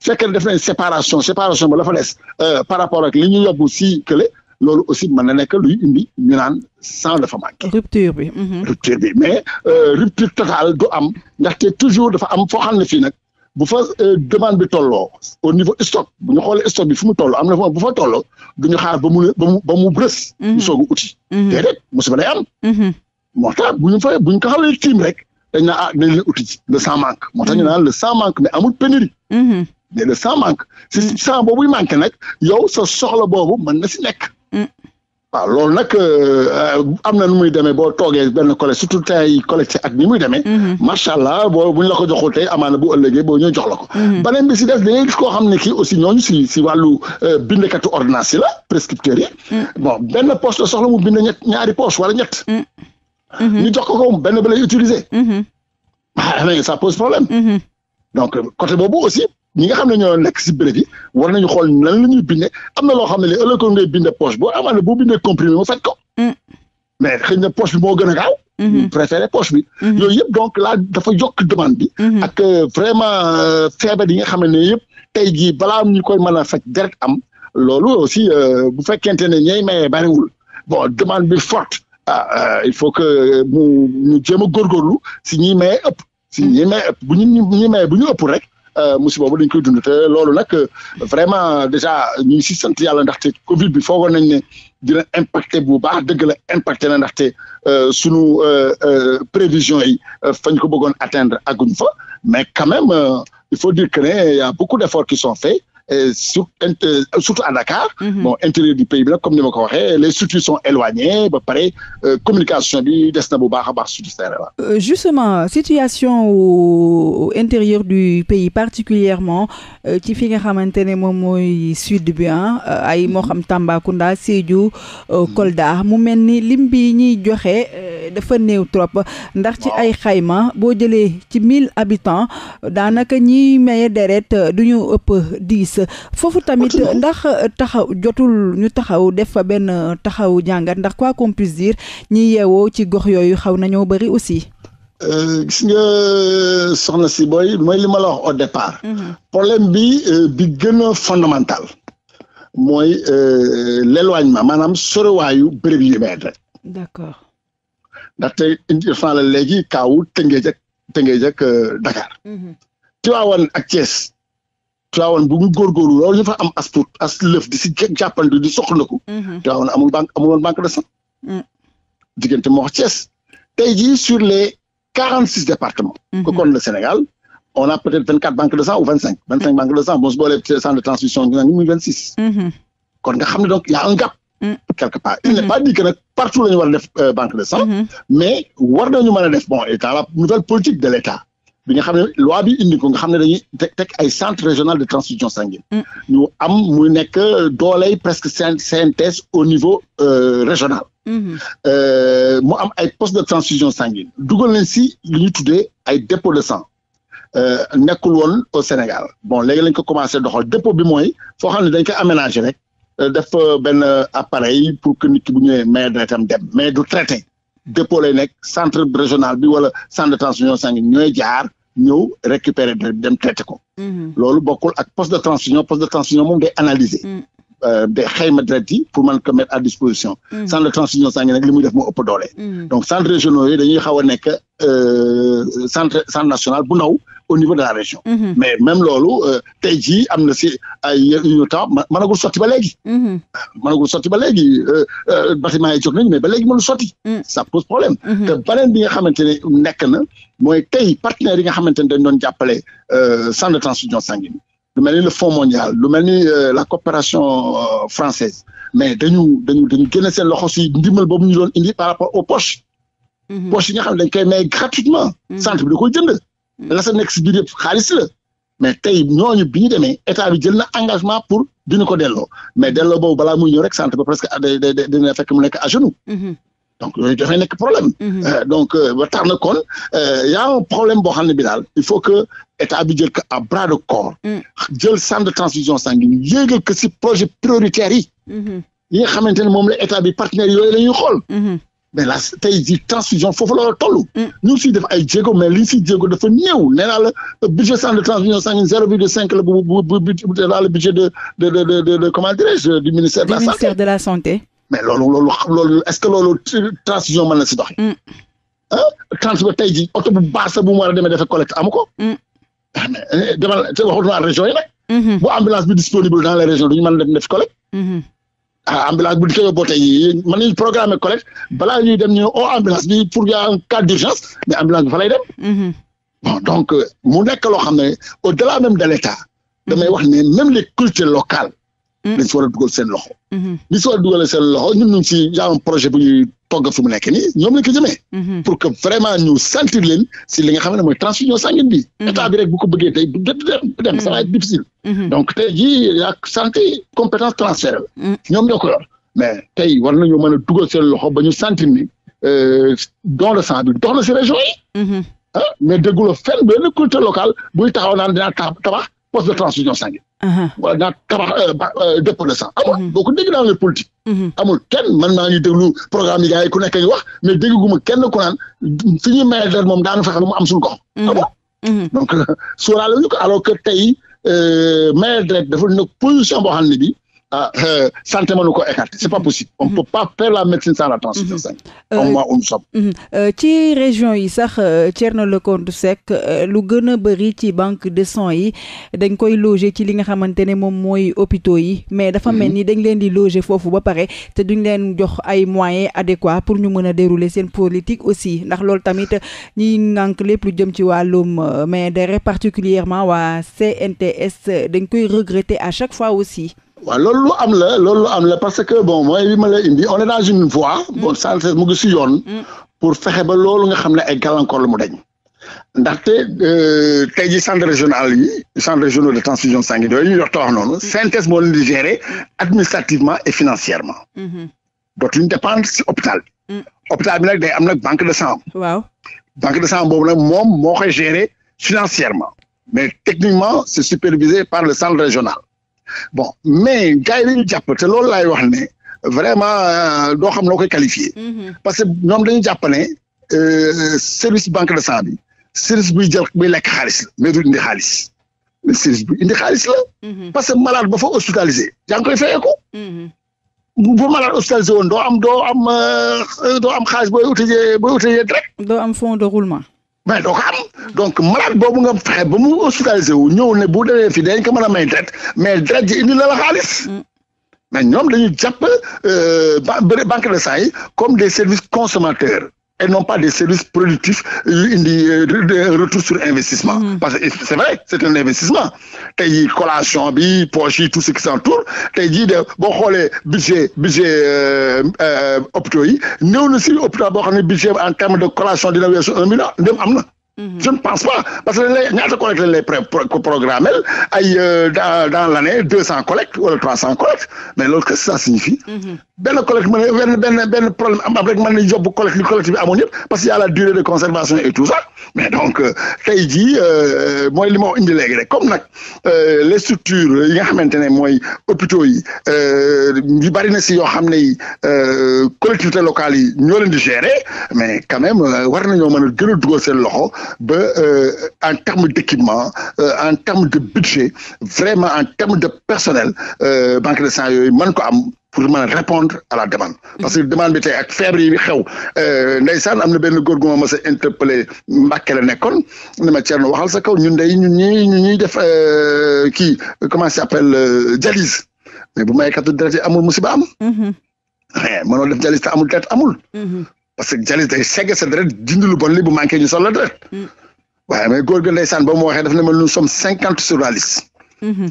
fekk def nañ séparation séparation ba la fa des euh, par rapport ak li ñu yóbbu si kële. loolu aussi mën na nekk luy indi ñu naan sang dafa manqué. rupture bi. Mhm. rupture bi mais euh, rupture totale du am ndaxte toujours dafa am foo xam ne fii nag bu fa euh, demande bi tolloo au niveau stock bu ñu xoolee stock bi fu mu tolloo am na bu fa tolloo du xaar ba mu ba mu ba mu brës. Mhm. ñu soog a uti. Mhm. déedéet am. moo tax bu ñu fa bu ñu ko xalee tiim rek dañ naa ah dañ leen uti ji le sang moo tax ñu naan le sang manque mais amul pénurie. mais le sang manque si sang boobu manqué nag yow so soxla boobu mën na si nekk. waaw loolu nag euh, euh, am na nu muy demee boo toogee benn collecte surtout yi collecte ak ni muy demee. Mhm. macha allah boo buñ la ko joxul tey amaana bu ëllëgee boo ñu jox la ko. Mhm. beneen bi si des da ngay koo xam ne ki aussi ñooñu si si wàllu euh, bindkatu ordonnance yi la prescripteurs yi. Mm. bon benn poche la soxla mu bind ñett ñaari poche wala ñett. Mm. Mhm. ñu jox ko ko benn ba lay utiliser. ah ça pose problème. donc côté boobu aussi ñi nga xam ne ñoo nekk si béréb yi war nañu xool nan la ñuy bindee am na loo xam ne li ëllëg ko ngay bindee poche boo amaana boo bindee comprimé mu faj ko. Mm. mais xëy na poche bi moo gën a gaaw. Mm-hmm. préféré poche bi. Mm-hmm. yooyu yëpp donc là dafa yokk demande bi. Mm-hmm. ak euh, vraiment euh, feebar yi nga xam ne yëpp tey jii balaa ñu koy mën a faj deret am loolu aussi euh, bu fekkente ne ñooy maye bariwul bon demande bi fort a ah, il faut que mu ñu jéem a góorgóorlu si ñuy maye ëpp. si ñuy maye ëpp bu ñu ñuy bu ñu ëpp rek. Euh, musiba boobu dañ koy dund te loolu nag vraiment déjà ñu ngi si sant yàlla ndaxte Covid bi foogoon nañ ne dina impacté bu baax dëgg la impacté na ndaxte euh, sunu euh, prévision yi fañ ko bëggoon atteindre aguñ fa mais quand même il faut dire que ne y a beaucoup d'efforts Euh, euh, surtout à Dakar. Mhm. bon intérieur du pays bi nag comme ni ma ko waxee les structures sont éloignées ba pare euh, communication bi des na bu baax a baax surtout Sénégal. justement situation au intérieur du pays particulièrement ci fi nga xamante ne moom mooy sud bi ah, ay moo xam Tambacounda Sédhiou mhm. Kolda mu mel ni lim bi ñuy joxe dafa néew trop ndax ci ay xayma boo jëlee ci mille habitants daanaka ñiy maye deret du ëpp dix. foofu tamit ndax euh, taxaw jotul ñu taxaw def fa benn euh, taxaw jàngat ndax quoi qu'on puisse dire ñi yeewoo ci gox yooyu xaw nañoo bëri aussi. Euh, gis nga soxna si booy mooy li au départ. Mhm. problème bi bi gën a fondamental. mooy l'éloignement maanaam sorewaayu béréb yi may rek. d'accord. ndaxte indi fan la léegi kaawu Tëngéej ak Tëngéej Dakar. Mhm. Tivaouane ak Thiès Tiwaawan bu mu góorgóorlu loolu dafa am as tuut as lëf di si jàppante di soxnaku. Mhm. Tiwaawan amul banque amul woon banque de sang. Mm. diggante moo Thiès tey jii sur les quarante six départements. Mhm. que le Sénégal on a peut-être vingt quatre banques de sang ou vingt cinq. vingt de sang bon su boolee centre de transfusion ñu vingt six. Mhm. kon nga ne donc y a gap. Mm. quelque part il n'est pas dit partout la ñu war a def euh, banque de sang. mais war nañu mën a def bon état nouvelle politique de l'État. bi nga xam ne loi bi indi ko nga xam ne dañuy teg ay centre régional de transfusion sanguine mm. ñu am muy nekk doole presque CNTS au niveau euh, régional mm-hmm. euh, mu am ay poste de transfusion sanguine dugal nañ si li ñu tuddee ay dépôt de sang euh, nekkul woon au Sénégal bon léegi lañ ko commencé doxal dépôt bi mooy foo xam ne dañ ko aménager rek def benn appareil pour que nit ki bu ñëwee may deretam dem mais du traité dépôt lay nekk centre régional bi centre de transfusion sanguine ñooy jaar ñëw récupérer dem traité ko. Mhm. loolu bokkul ak de transfusion poste de transfusion moom day analyser. Mm. Euh, xaymatraite yi pour mën ko mettre à disposition mm. centre a transfusion li muy def moo ëpp doole mm. donc centre régionaux yi dañuy xaw a nekk euh, centre san national bu ndaw au niveau de la région mm-hmm. mais même loolu euh, tey jii am na si ay ñu temps mënagul sotti ba léegi mm-hmm. mënagul sotti ba léegi bâtiment yi jóg nañu mais ba léegi mënul soti sa mm. pose problème mm-hmm. te beneen bi nga xamante ne nekk na mooy tey partenaires yi nga xamante ne dañ doon jàppale centre de transfusion sanguine lu mel ni le fonds mondial lu mel ni euh, la coopération euh, française mais dañu dañu dañu génne seen loxo si ndimbal boobu ñu doon indi par rapport aux poches. Mhm. poches yi nga xam ne dañ koy may gratuitement. Mhm. centre bi da koy jënd. Mhm. la sa nekk xaalis la. mais tey ñooñu bi ñu demee état bi jël engagement pour dina ko delloo mais delloo boobu balaa muy rek centre ba presque day day dina fekk mu nekk à genoux. donc yooyu dafay nekk problème. Euh, donc ba tax na kon y a un problème boo xam ne bi daal il faut que état bi jël ko à bras de corps. Mm. jël centre de transfusion sanguine yéegal ko si projet prioritaire yi. Mm-hmm. yi nga xamante ne moom la état bi partenaires yooyu la ñuy mm-hmm. tey jii transfusion foofu la toll. Mm. ñu ngi siy def ay jéego mais liñ siy jéego dafa néew nee la budget centre de transfusion sanguine zéro virgule cinq le budget de de comment dirais du ministère de la santé mais loolu loolu loolu est-ce transfusion mën na si doxi mm. ah trans ba tey jii oto bu baax a Eh, demal waxut a région yi nag. Mhm. bu ambulance bi disponible dans les régions du ñu mën a def collecte. Mhm. ah ambulance bu di ko yóbboo tey mën nañu programmer collecte balaa ñuy dem ñu oo ambulance bi pour y a un cas d'urgence mais ambulance bi fa dem. Mhm. bon donc euh, mu xam ne au delà même de l' wax ne même les cultures locales. dañ mm-hmm. si war a dugal seen loxo. bi mm-hmm. si war a dugalee seen loxo ñun ñu ngi si y a un projet bu ñuy togg fu mu nekk nii ñoom lañ ko jëmee. Mm-hmm. pour que vraiment ñu sentir leen si li nga ne mooy transfusion sanguine bi. état bi rek bu ko bëggee tey dem dem difficile. donc tey jii ak compétence transfert la. ñoom mais tey war nañoo a dugal seen loxo ba ñu sentir ni euh, don si région yi. ah mais dégguloo fenn benn culture locale buy taxaw tabax. poste de transfusion sanguine. wala naa tabax euh, euh, dépôt de sang amul. boo ko dégg dans les politique. Mhm. amul kenn man maa ngi déglu programme yi gars yi ku nekk ngi wax mais dégguma kenn ku naan fi ñuy maye deret moom daanu fexe mu am suñu mhm. mhm. euh, alors que tey maye deret dafa position boo xam bi ah euh, santé mënu ko écarter c'est pas mm-hmm. la médecine sans mm-hmm. euh, mm-hmm. euh, ci région yi sax Thierno Lecompte Seck lu gën a bëri ci banque de sang yi dañ koy loger ci li nga xamante ne moom mooy hôpitaux yi mais dafa mel ni dañ leen di loger foofu ba pare te duñ leen jox ay moyens adéquats pour ñu mën a dérouler seen politique aussi ndax loolu tamit ñiy ŋànk lépp lu jëm ci wàllum main d'arrêt particulièrement waa CNTS dañ koy regretter à chaque fois aussi. waaw loolu lu am la loolu am la parce que bon mooy li ma la indi on est dans une voie. Mm. bon sans mu ngi si yoon. Mm. pour fexe ba loolu nga xam ne ay gàllankoor la mu dañ. ndaxte euh, tey jii centre régional yi centre régional de transfusion sanguine yooyu ñu yor tawax noonu mm. synthèse moo leen di gérer administrativement et financièrement. Mm-hmm. dootuñu dépendre si hôpital bi. hôpital bi nag day am nag banque de sang. waaw banque de sang boobu nag moom moo koy gérer financièrement. mais techniquement c'est supervisé par le centre régional. bon mais gars yi dañu jàpp te loolu laay wax ne vraiment euh, doo xam noo koy qualifié. Mm-hmm. parce que ñoom dañu jàpp ne euh, service banque de sang bi service buy jël buy lekk xaalis la mais du indi xaalis mais service bu indi xaalis la. Mm-hmm. parce que malade ba fa hospitalisé yaa ngi koy fayee ko. Mm-hmm. bu malade hospitalisé woon doo am doo am euh, doo am xaalis booy utiliser booy utiliser direct. doo am fonds de roulement. mais doo ko donc malade boobu nga fexe ba mu hospitalisé wu ñëw ne bu demee fii dañ ko mën a may deret mais deret ji indi la la xaalis mm. mais ñoom dañu jàpp euh, banque de sang comme des services consommateurs et non pas des services productifs yu indi euh, retour sur investissement. Mm. parce que c'est vrai c'est un investissement tey collation bi poche yi tout ce qui s'entoure tey jii de boo xoolee budget budget euh, euh, hôpitaux yi na si hôpital boo xam ne budget en terme de collation dina weesu un million ndem am na. Mhm. je ne pense pas parce que dañ lay ñaata collecte lañ lay ay euh, dans dans l' année deux cent collect wala trois cent collecte mais loolu qu'est-ce que ça signifie. Mhm. benn collecte mën benn benn benn problème am rek mën nañ yóbbu collecte li collecte bi amoon yëpp a la durée de conservation et tout ça mais donc euh, tey jii euh, mooy li indi léegi rek comme nag les structures yi nga xamante ne mooy hôpitaux yi yu bari na si yoo xam ne yi collectivités locales yi ñoo leen di gérer mais quand même war nañoo mën a gën a seen loxo. ba euh, en terme d'équipement euh, en terme de budget vraiment en terme de personnel euh, banque de sang yooyu man ko am pour mën a répondre à la demande parce que mhm. demande bi tey ak feebar yi xew ndeysaan am na benn góor gu ma mës a interpellé Mbàkke la nekkoon ne ma Thierno waxal sa kaw ñun day ñun ñuy ñu ñuy def kii comment ça s'appelle mais bu may katu deret yi amul musiba am mhm. eh, mënoo def dialyse te amul deret amul mhm. parce que jalis day segg sa deret dindi lu bon li bu manqué ñu sol la deret mm. waaye mais góor ga ndeysaan ba mu waxee daf ne ma nous sommes cinquante sur la liste mm-hmm.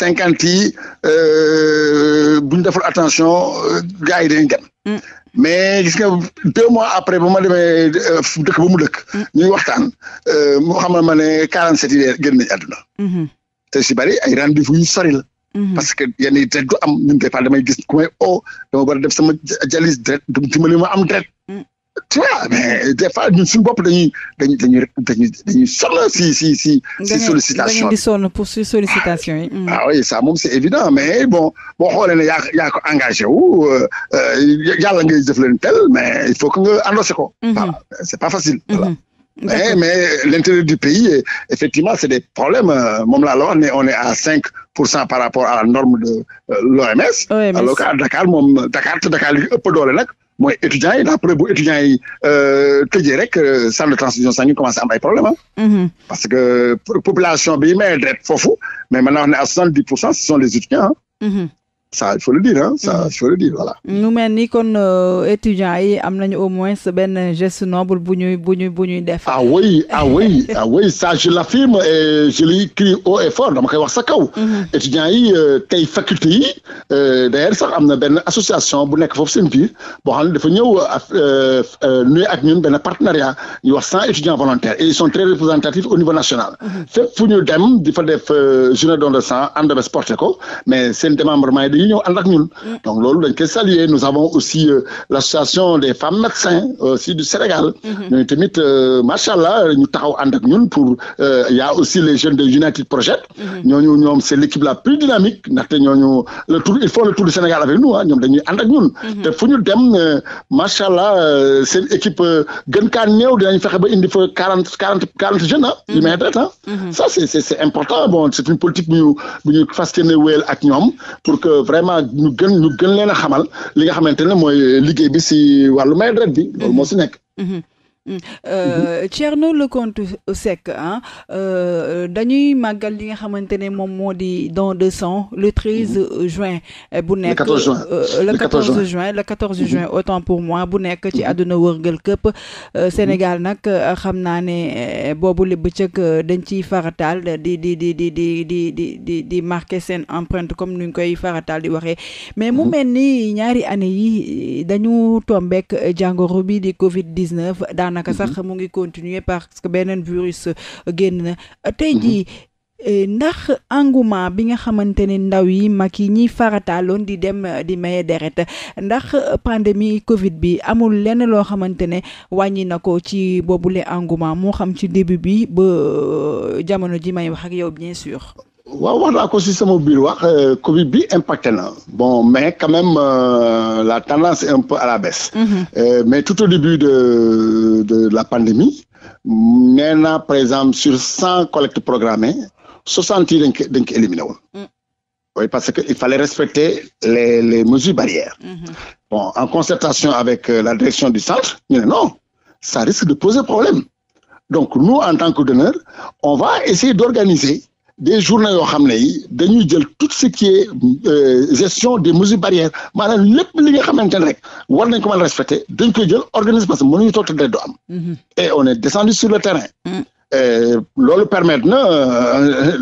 cinquante yi euh, bu ñu deful attention euh, gars yi dañuy mm. mais gis nga deux mois après ba ma demee euh, dëkk ba mu dëkk mm. ñuy waxtaan moo xam ne ma ne quarante sept yi génn nañu àdduna mm-hmm. te si ay rendez-vous yu Mm-hmm. parce que yenn yi dret du gis ku o dama war a def sama jalis dret ma am dret mm. tu mais des fois ñun suñu bopp dañuy dañuy dañuy dañuy dañuy sonn si si si. si sollicitation di sonn pour si sollicitation yi. ah oui ça moom c'est évident mais bon boo xoolee ne yaa yaa engagé wu euh, euh, yàlla ngay def leen tel mais il faut que nga ko. Mm-hmm. voilà c'est pas facile. Mm-hmm. mais mais l'intérieur du pays effectivement c'est des problèmes euh, moom laa la wax ne on est à cinq. pour cent par rapport à la norme de euh, l'OMS alors que à Dakar moom Dakar te Dakar li ëpp doole nag mooy étudiants yi la preuve bu étudiants yi euh, tëjee rek centre euh, de transfusion sanguine commencé am ay problème mm-hmm. parce que population bi mais dret foofu mais maintenant on soixante dix pour cent ce sont les étudiants ça il faut le dire ah ça mhm. il faut ni kon euh, étudiants yi am nañu au moins ben geste noble bu ñuy bu ñuy bu ñuy def. ah oui ah oui ah oui ça je l'affirme et je l'ai crie haut et dama koy wax sa kaw. Mhm. étudiants yi euh, tey faculté yi euh, d'ailleurs sax am na benn association bu nekk foofu seen biir boo xam ne dafa ñëw nuyu ak ñun benn partenariat ñu wax cent étudiants volontaires et ils sont très représentatifs au niveau national. Mhm. fépp fu ñu dem di def journée don de sang ànd ba sporté ko mais yi ñëw ànd ak ñun donc loolu dañ koy saluer nous avons aussi euh, l'association des femmes médecins euh, aussi du Sénégal mm-hmm. ñooñu tamit euh, macha allah taxaw ànd ñun pour y a aussi les jeunes de United Project mm-hmm. ñooñu ñoom c'est l'équipe la plus dynamique ndaxte ñooñu le tour il faut le tour du Sénégal avec nous ah ñoom dañuy ànd ak ñun mm-hmm. te fu dem macha allah équipe gën kaa néew dinañ fexe ba indi fa quarante quarante quarante jeunes ah yu may retraite ah ça c'est c'est important bon vraiment ñu gën ñu gën leen a xamal li nga xamante ne mooy liggéey bi si wàllu may bi loolu moo si nekk mm-hmm. Mm. Mm-hmm. Euh, Thierno Lecompte Seck ah dañuy màggal li nga xamante ne moom moo di don de sang le mm-hmm. juin bu nekk euh, le 14 juin le 14 mm-hmm. juin autant pour moi bu nekk ci àdduna wërgal këpp Sénégal nag xam naa ne boobu li bëccëg dañ ciy farataal di di di di di di di di di marqué seen empreinte comme nuñ koy farataal di waxee mais mu mel ni ñaari année yi dañu tombek jàngoro bi di Covid 19 daanaka mhm. sax mu ngi continuer parce que beneen virus euh, génn na tey jii mhm. euh, ndax engouement bi nga xamante ne ndaw yi mag yi ñiy farataaloon di dem euh, di maye deret ndax pandémie Covid bi amul lenn loo xamante ne wàññi na ko ci boobule engouement moo xam ci début bi ba jamono ji may wax ak yow bien sûr. waaw wax naa ko si sama biir wax euh, Covid bi impacté na bon mais quand même euh, la tendance est un peu à la baisse. Mhm. Euh, mais tout au début de de la pandémie nee naa par exemple sur cent collectes programme soixante yi dañ ko dañ mm. parce que il fallait respecter les les mesures barrières. Mm en concertation avec la direction du centre ñu ne non ça risque de poser problème donc nous en tant que donneur on va essayer d'organiser des journa yoo xam ne yi dañuy jël tout ce qui est euh, gestion des mesures barrières maanaam lépp li nga xamante ne rek war nañ ko mën a dañ koy jël organisme parce que mënuñu toog te du am. Mm-hmm. et on est descendu sur le terrain. Mm. loolu permettre na euh,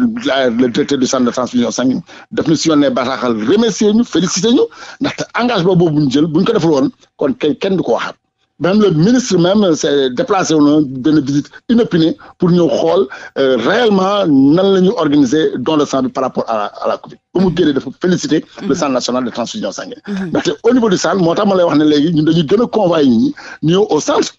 le directeur du centre de transfusion sanguine daf ñu si yónnee bataaxal remercier ñu féliciter ñu ndaxte engagement boobu ñu jël bu ñu ko defal woon kon tey kenn du ko waxaat. même le ministre même s'est déplacé wu na benn visite inopinée pour ñu xool euh, réellement nan la ñu organiser don de sang par rapport à la à la Covid ba mu génnee dafa féliciter mhm. le centre national de transfusion sanguine mhm. ndaxte au niveau du centre moo tax ma lay au centre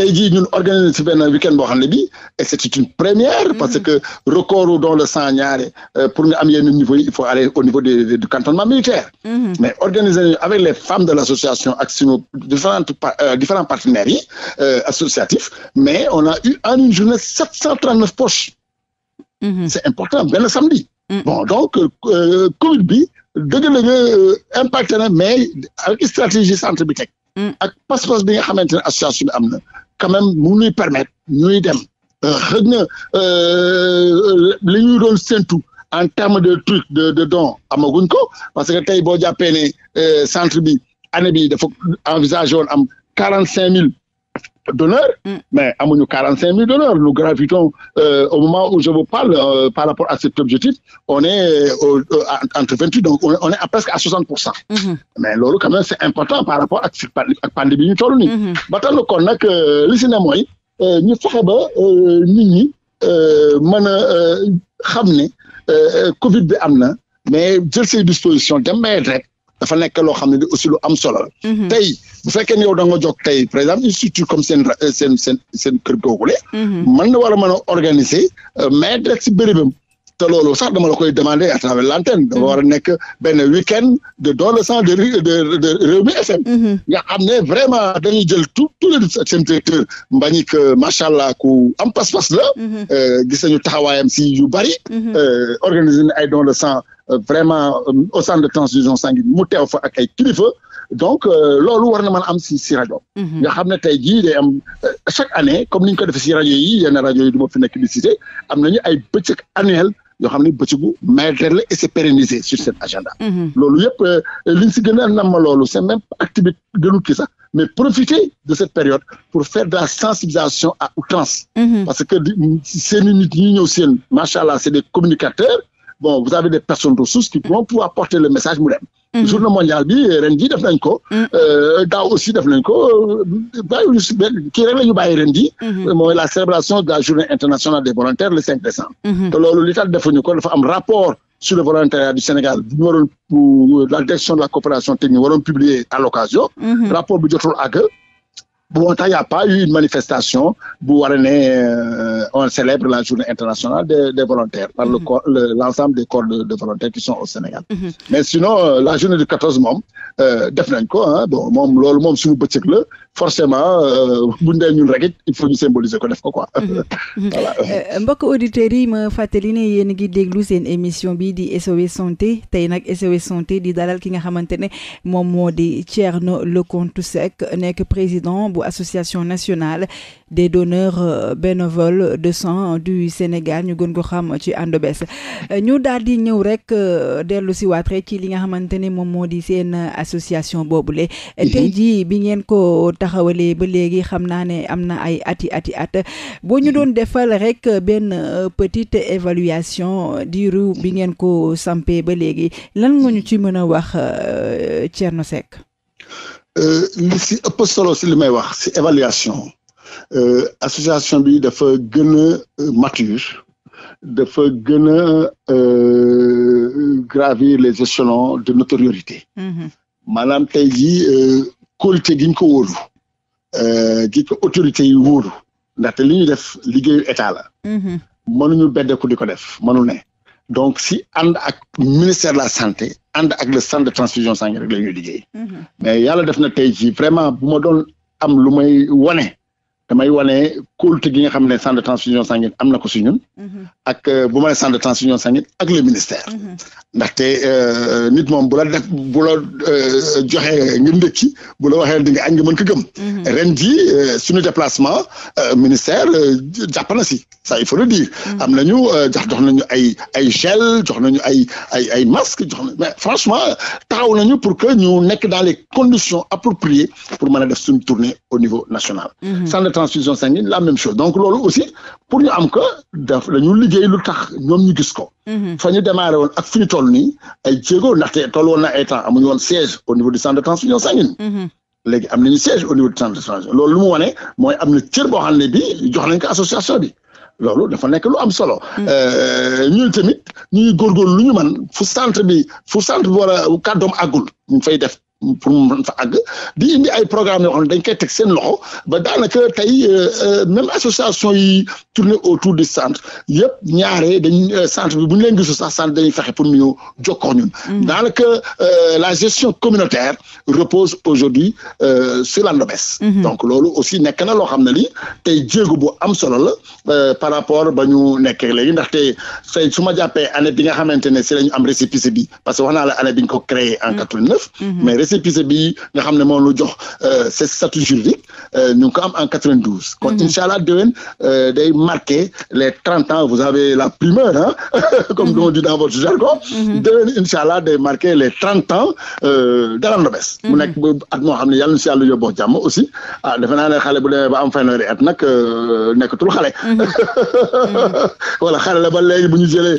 le jii ñun organiser si benn week-end boo xam ne bii et c' est une première. Mm-hmm. parce que record dans le sang ñaare euh, pour nga am yenn niveau yi il faut aller au niveau du du cantonnement militaire. Mm-hmm. mais organiser nañu avec les femmes de l' association ak suñu différentes euh, différents partenaires yi euh, associatifs mais on a eu en une journée sept cent trente neuf poches. Mm-hmm. est important benn samedi. bon donc Covid bi dëgg la nga impacté na mais avec stratégie centre bi teg. Mm. ak pas-pas bi nga xamante ne association am na quand même mu ñuy permettre ñuy dem euh, xëy na euh, li ñuy doon séntu en terme de truc de de don amaguñ ko parce que tey boo jàppee ne euh, centre bi année bi dafa envisagé woon am quarante cinq mille donneurs, mm. mais amuñu 45 000 donneurs. Nous gravitons euh, au moment où je vous parle euh, par rapport à cet objectif, on est euh, au, euh, entre 28, donc on, est presque à 60 mm -hmm. Mais loolu quand c'est important par rapport ak ak pandémie ñu toll nii. Mm-hmm. ba tax na kon nag euh, li si ne mooy ñu fexe ba nit ñi mën a xam ne Covid bi am na mais jël ses dispositions dem rek. dafa nekk loo xam ne di aussi lu am solo mhm. tey bu fekkee ne yow da nga jog tey par exemple une structure comme seen euh, seen seen seen kër googule. Mhm. mën na war a mën a organiser euh, mais direct si bérébam. te loolu sax dama la koy demande à travers l'antenne dafa mhm. war a nekk benn week-end de don de sang de de de nga xam ne vraiment dañuy jël tout tout le seen directeur Mbagnick euh, macha ku am pas-pas la. gis nañu taxawaayam si yu bari. organiser na ay don de sang. Euh, vraiment euh, au centre de transfusion sanguine mu teew fa ay kilifa donc euh, loolu war na mën a am si si rajo. Mhm. nga xam ne tey jii day am chaque année comme niñ ñu ko defee si rajo yi yenn rajo yi du ma fi nekk di cité am nañu ay bëccëg annuel yoo xam ne bëccëgu maître la et c'est pérennisé sur cet agenda. Mhm. loolu yëpp li ñu si gën a nam ma loolu c'est même activité gënu kii sax. mais profiter de cette période pour faire de la sensibilisation à outrance. Mm -hmm. parce que seen nit ñi ñëw seen macha allah c'est de communicateurs bon vous avez des personnes ressources qui mm. vont pouvoir porter le message mu dem mm. journée mondiale bi ren ji def nañ ko mm. euh, aussi def nañ ko euh, bàyyi kii rek la ñu bàyyi ren ji mm-hmm. euh, la célébration de la journée internationale des volontaires le 5 décembre mm-hmm. te loolu li tax defuñu ko am rapport sur le volontariat du Sénégal bu la direction de la coopération technique waroon publier à l'occasion mm-hmm. rapport bi jotul àgg bon tax y a pas eu une manifestation bu war a ne euh, on célèbre la journée internationale des volontaires par le mm-hmm. corps l'ensemble des corps de volontaires qui sont au Sénégal mm-hmm. mais sinon euh, la journée du 14 moom euh, def nañ ko ah bon moom loolu moom suñu bëccëg la forcément bu ndee ñun rek il faut ñu symboliser ko def quoi mm-hmm. voilà mbokk auditeurs yi ma fàttali ne yéen ngi déglu seen émission bi di SOS santé tey nag SOS santé di dalal ki nga xamante ne moom moo di Thierno Lecompte Seck nekk président bu association nationale des donneurs euh, bénévoles de sang du Sénégal ñu gën ko xam ci Andobees euh, ñu daal di ñëw rek euh, dellu si waat ci li nga xamante ni moom moo di seen association boobule. Mhm. tey ji bi ngeen ko taxawalee ba léegi xam naa ne am na ay ati ati at boo ñu mhm. doon defal rek benn petite évaluation diiru bi ngeen ko sampe ba léegi lan nga ñu ci mën a wax Thierno Seck. Euh, li si ëpp solo si li may wax si évaluation euh, association bi dafa gën a euh, mature dafa gën a gravir les échelons de notoriété mm-hmm. maanaam tey jii qualité gi ñu ko wóolu gi ko autorité yi wóolu ndaxte li ñuy def liggéeyu état la mm-hmm. mënuñu beddeku di ko def mënu donc si ànd ak ministère de la santé ànd ak le centre de transfusion sanguine rek la ñuy mhm. mais yàlla def na tey ci vraiment bu ma doon am lu may wane damay wane kóolute gi nga xam ne centre de am na ko si ñun. Mhm. ak euh, bu ma nee centre de transfusion sanguine ak le ministère. Mhm. ndaxte euh, nit moom bu la def bu la euh, joxee nga ndëkki bu la waxee di añ nga mën ko gëm. Mhm. ren jii suñu déplacement ministère jàpp na si ça il faut le dire. am nañu jox jox nañu ay ay gel jox nañu ay ay ay masques jox nañu mais franchement taxaw nañu pour que ñu nekk dans les conditions appropriées pour mën a def suñu tournée au niveau national. centre de transfusion sanguine la même chose donc loolu aussi pour ñu am que daf dañu liggéey lu tax ñoom ñu gis ko. Mhm. fa ñu démarré woon ak fi ñu toll nii ay jéego ndaxte toll woon na ay temps amuñu woon siège au niveau du centre de transfusion sanguine. Mhm. léegi am nañu siège au niveau du centre de transfusion loolu lu mu wane mooy am na cër boo xam ne bii jox association bi. loolu dafa nekk lu am solo. Mhm. Euh, ñun tamit ñuy góorgóorlu lu ñu man fu centre bi fu centre bi war a kàddoom àggul ñu def. pour mu mën fa àgg di indi ay programme yoo xam ne dañ koy teg seen loxo ba daanaka tey euh, euh, même association yi tourné autour du centre yëpp ñaare dañ euh, centre bi bu ñu leen gisu sax centre dañuy fexe pour ñu jokkoo ñun mm. daanaka la gestion communautaire repose aujourd'hui euh, sur l'ANDOBES mm-hmm. donc loolu aussi nekk na loo xam ne li tey jéego bu am solo la par rapport ba ñu nekkee léegi ndaxte tey su ma jàppee année bi nga xamante ne si la ñu am récépissé bi parce que wax naa la année bi ñu récépissé bi nga xam ne moom lu jox euh, ce statut juridique euh, ñu ngi ko am en 92. kon mhm. incha allah déwén euh, les 30 ans vous la primeur ah. comme mhm. on dit dans votre jargon. Mhm. déwén incha mu nekk at moo xam ne yàlla na si yàlla yóbboo jàmm aussi a ah, defe naa ne xale bu demee ba am fanweeri at nag nekkatul xale. voilà xale la ba léegi bu ñu jëlee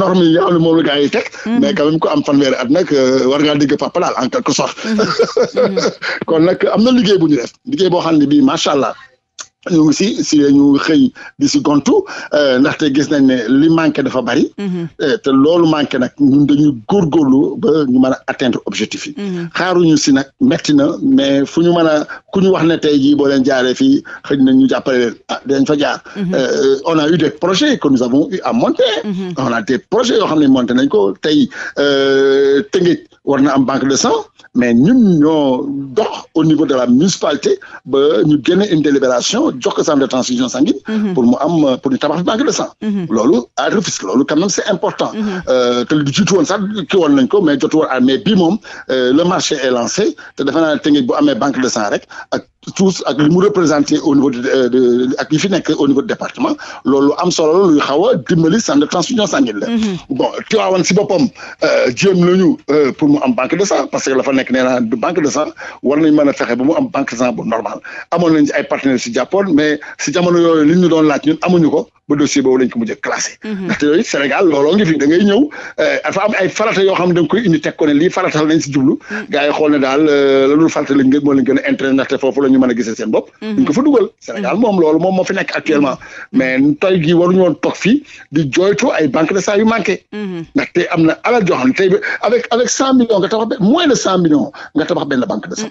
normes yi nga xam ne mais quand même ku am fanweeri at nag war ngaa dégg papa daal quelque sorte mhm. kon nag am na liggéey bu ñu def liggéey boo xam ne bii macha allah ñu ngi si si ñu xëy di si gontu euh, ndaxte gis nañ ne li manqué dafa bari. Mm-hmm. Euh, te loolu manqué nag ñun dañuy góorgóorlu ba ñu mën a atteindre objectif yi. Mm-hmm. xaaruñu si nag metti na mais fu ñu mën a ku ñu wax ne tey jii boo leen jaaree fii xëy na ñu jàppale a ah dinañ fa jaar. Mm-hmm. Euh, on a eu des projets que nous avons eu à monter. on a des projets yoo xam ne monté nañ ko tey Tëngéej war na am banque de sang mais ñu ñoo dox au niveau de la municipalité ba ñu génne une délibération. ko a ko centre de transfusion sanguine. Mhm. pour mu am euh, pour ñu tabax fi banque de sang. Mhm. loolu à Rufisque loolu quand même c' important. Mhm. Euh, te lu jiitu sax kii woon nañ ko mais jotu woon mais bii moom euh, le marché est lancé te defe naa ne Tëngéej bu banque de sang rek tous ak li mu représenté au niveau de ak yi fi nekk au niveau du département loolu am solo luy xaw a dimbali centre de transfusion sanguine la. Mhm. bon Tivaouane si boppam euh, jéem lañu euh, pour mu am banque de sang parce que la nekk nee naa banque de sang war nañ mën a fexe ba mu am banque de sang bu normal amoon nañ ay partenaires si jàppoon mais si jamono yooyu li ñu doon laaj ñun amuñu ko. ba dossier boobu lañ ko mujj a mhm. ndaxte yooyu Sénégal looloo ngi fi da ngay ñëw euh, dafa am ay farata yoo xam ne koy indi teg ko ne lii farata lañ si jublu. Mhm. gars yi xool daal euh, lanul farata lañ gën moo lañ gën a intérêt ndaxte foofu la ñu mën a gisee seen bopp. Mhm. duñ ko dugal Sénégal moom loolu moom moo fi nekk actuellement. mais tey jii waruñu woon toog fii di jooytu ay banque de sang yu manqué. ndaxte am na alal joo xam ne tey avec cent millions nga tabax benn moins de de sang.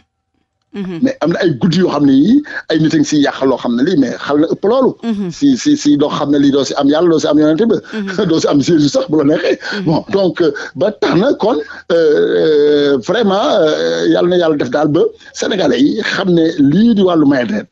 Mm-hmm. mais am na ay guddi yoo xam ne yii ay nit a ngi siy loo xam ne lii mais xal na ëpp loolu. Mm-hmm. si si doo xam ne lii doo si am yàlla doo si am yonente ba. Mm-hmm. si am Jésus sax bu la neexee. bon donc ba tax na kon euh, euh, vraiment euh, yàlla na yàlla def daal ba sénégal yi xam ne lii di wàllu may deret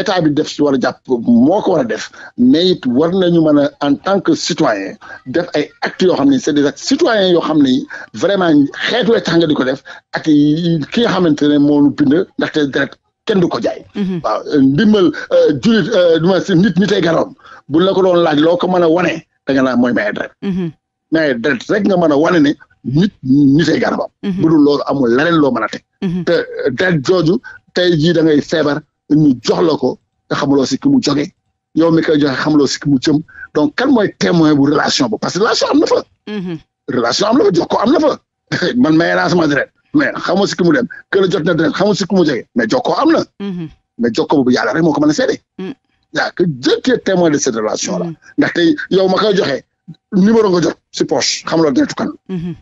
état bi def si war a jàpp moo ko war a def mais it war nañu mën a en tan que citoyen def ay actes yoo xam ne c'est des actes citoyens yoo xam ne vraiment xeetu état nga di ko def ak ki nga xamante ne moo ñu ndaxte deret kenn du ko jaay. Mhm. waaw ndimbal euh, jullit euh, du ma si nit nitay garoom buñ la ko doon laaj loo ko mën a wane da nga naan mooy maye deret. Mhm. maye deret rek nga mën a wane ne nit nitay garoom. Mhm. bu dul loolu amul leneen loo mën a teg. te euh, deret jooju tey jii da ngay feebar ñu jox la ko nga xamuloo si ki mu jóge yow mi joxe xamuloo si ki donc kan mooy témoin bu relation bu parce relation am na fa. relation am na fa jox am na fa man maye naa deret mais xamoo si ki mu dem kële jot na dina xamoo si ki mu jege mais jokkoo am na. Mhm. mais jokkoo yàlla rek moo ko mën a seede. Mm. yaa que Dieu qui est témoin de cette relation là. Mm. ndaxte yow ma joxe numéro nga jot si poche xam loolu deretu kan. Mhm.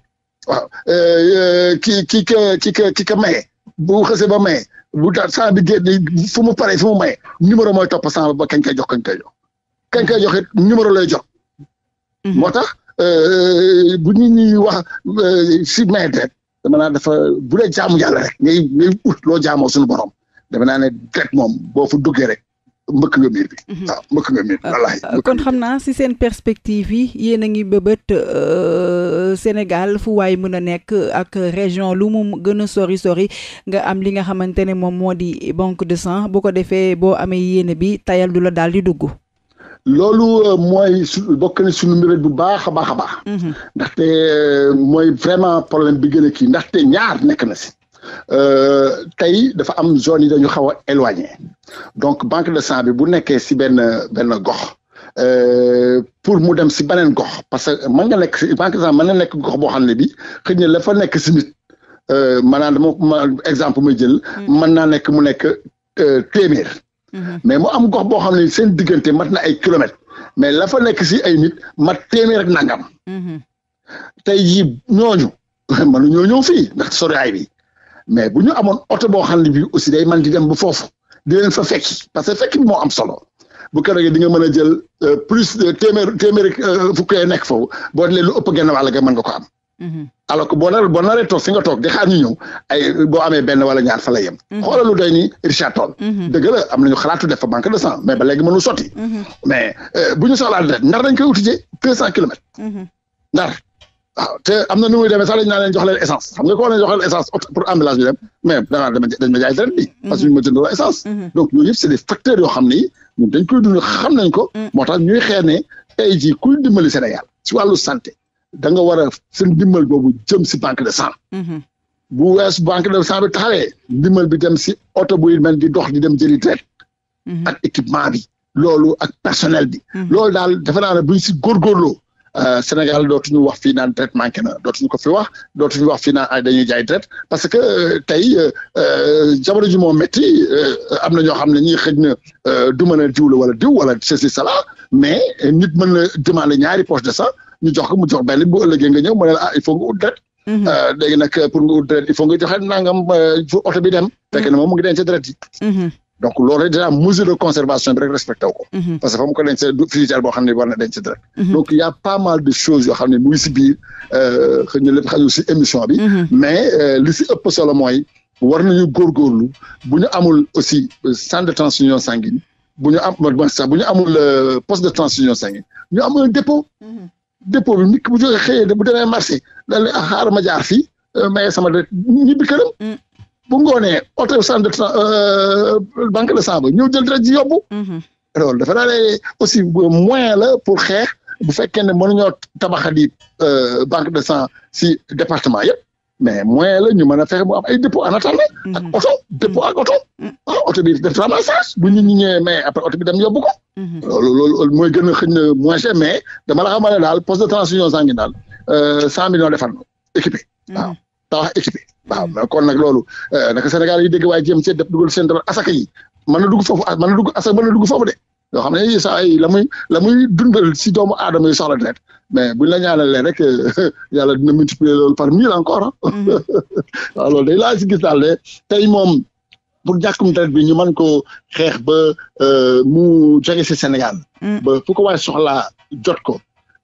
waaw euh, ki ki ka ki ka ki ka maye bu xasee ba maye bu daal sang bi génn fu mu paree fu mu maye numéro mooy topp sang ba kañ koy jox kañ koy jox kañ koy jox it lay jox. Mhm. moo tax euh, bu ñu ñuy euh, si maye deret dama naa dafa bu dee jaamu yàlla rek ngay ngay ut loo jaamoo suñu borom dama naa ne direct moom boo fa duggee rek mbëkk nga miir bi. Mhm. kon xam naa si seen perspective yi yéen a ngi bëbët euh, Sénégal fu waay mën a nekk ak région lu mu gën a sori sori nga am li nga xamante ne moom moo di banque de sang bu ko defee boo amee yéene bi tayal du la daal di dugg. loolu euh, mooy su bokk na suñu mbébét bu baax a baax a baax. Mhm. ndaxte euh, mooy vraiment problème bi gën a kii ndaxte ñaar nekk na si. Euh, tey dafa am zone yi dañu xaw a éloigné donc banque de sang bi bu nekkee si benn benn gox pour mu dem si beneen gox parce que mën nga nekk si banque de sang mën na nekk gox boo xam ne bi xëy la fa nekk si nit maanaam dama exemple may jël. Mhm. mën naa nekk mu nekk téeméer. Mhm. mais mu am gox boo xam ne seen diggante mat na ay kilomètres mais la fa nekk si ay nit mat téeméer ak nangam. Mhm. tey jii ñooñu manu ñoo ñëw fii ndax soriwaay bi mais bu ñu amoon oto boo xam ne bii aussi day man di dem bu foofu di leen fa fekki parce que fekk moo am solo bu keroog di nga mën a jël euh, plus de téeméer téeméer euh, fukki nekk foofu boo leen lu ëpp genn wàll nga mën nga ko am. Mm-hmm. alors que boo nar boo naree toog fi nga toog ñu ñëw ay boo amee benn wala ñaar fa la yem. Mm-hmm. xoolal lu doy ni Richard Toll. Mm-hmm. dëgg la am nañu xalaatu def fa banque de sang mais ba léegi mënul sotti. mais euh, bu ñu soxlaa deret ndar dañ koy utijee deux cent kilomètres. ndar waaw te am na nu muy demee sax dañu naan leen jox leen essence xam nga ko leen jox leen essence pour ambulance bi dem mais danaa dañ ma ñu ma jënd la mm. kuy dimbali Sénégal ci wàllu santé da nga war a seen ndimbal boobu jëm si banque de sang. Mhm. bu wees banque de sang bi taxawee ndimbal bi dem si oto buy mel di dox di dem jëli traite. Mhm. ak équipement bi. loolu ak personnel bi. Mhm. loolu daal defe naa ne bu ñu si góorgóorloo. Euh, Sénégal dootuñu wax fii na traite manqué dootuñu ko fi wax dootuñu wax fii naan ay dañuy jaay traite parce que euh, tey euh, jamono ji moo métti am na ñoo xam ne ñii xëj na du mën a diw la wala diw wala ceci cela mais nit mën na demander ñaari poche de ñu jox ko mu jox benn bu ëllëgee nga ñëw mu ne la ah il faut nga ut deret mhm. euh, léegi nag euh, pour nga nga joxe nangam euh, yi mhm. donc loolu rek déjà mesure de conservation bi rek respecté mhm. parce que fa mu ko denc frigidaire boo xam ne war donc il a pas mal de choses yoo xam ne mu ngi si biir xëy si émission bi mais li si ëpp solo mooy war nañu góorgóorlu bu amul aussi de transfusion sanguine bu amul poste de transfusion sanguine ñu am un dépôt bi nit ki bu jógee bu demee marché daal di ah, xaar ma jaar fii euh, maye sama de ñibbi këram. Mm. bu ngoonee oto centre de euh, banque de sang ba ñëw jël dara ji yóbbu. Mm-hmm. loolu dafa daal aussi moyen la pour xeex bu fekkee ne mënuñoo tabaxali euh, banque de sang si département yëpp. mais moyen la ñu mën a fexe bu am ay dépôt en attendant mm-hmm. ak oto dépôt ak oto mm-hmm. ah oto bi def ramassage bu ñu ñu ñëwee mais après oto bi dem yóbbu ko mm-hmm. loolu loolu mooy gën a xëñ na moins cher mais dama la xamal ne daal poste de transfusion sanguine daal euh, cent millions defar na équipé waaw tabax équipé waaw kon nag loolu euh, naka Sénégal yi dégg waaye jéem seet def dugal seen dara asaka yi mën na dugg foofu mën na de yoo xam ne saa yi la muy la muy dundal si doomu aadama yi soxla deret mais bu la ñaanalee rek yàlla dina multiplier loolu par mille encore mhm. waaw loolu day laa si gis daal de tey moom pour ñàkkum deret bi ñu mën ko xeex ba euh, mu jege si Sénégal. Mhm. ba fu ko waaye soxlaa jot ko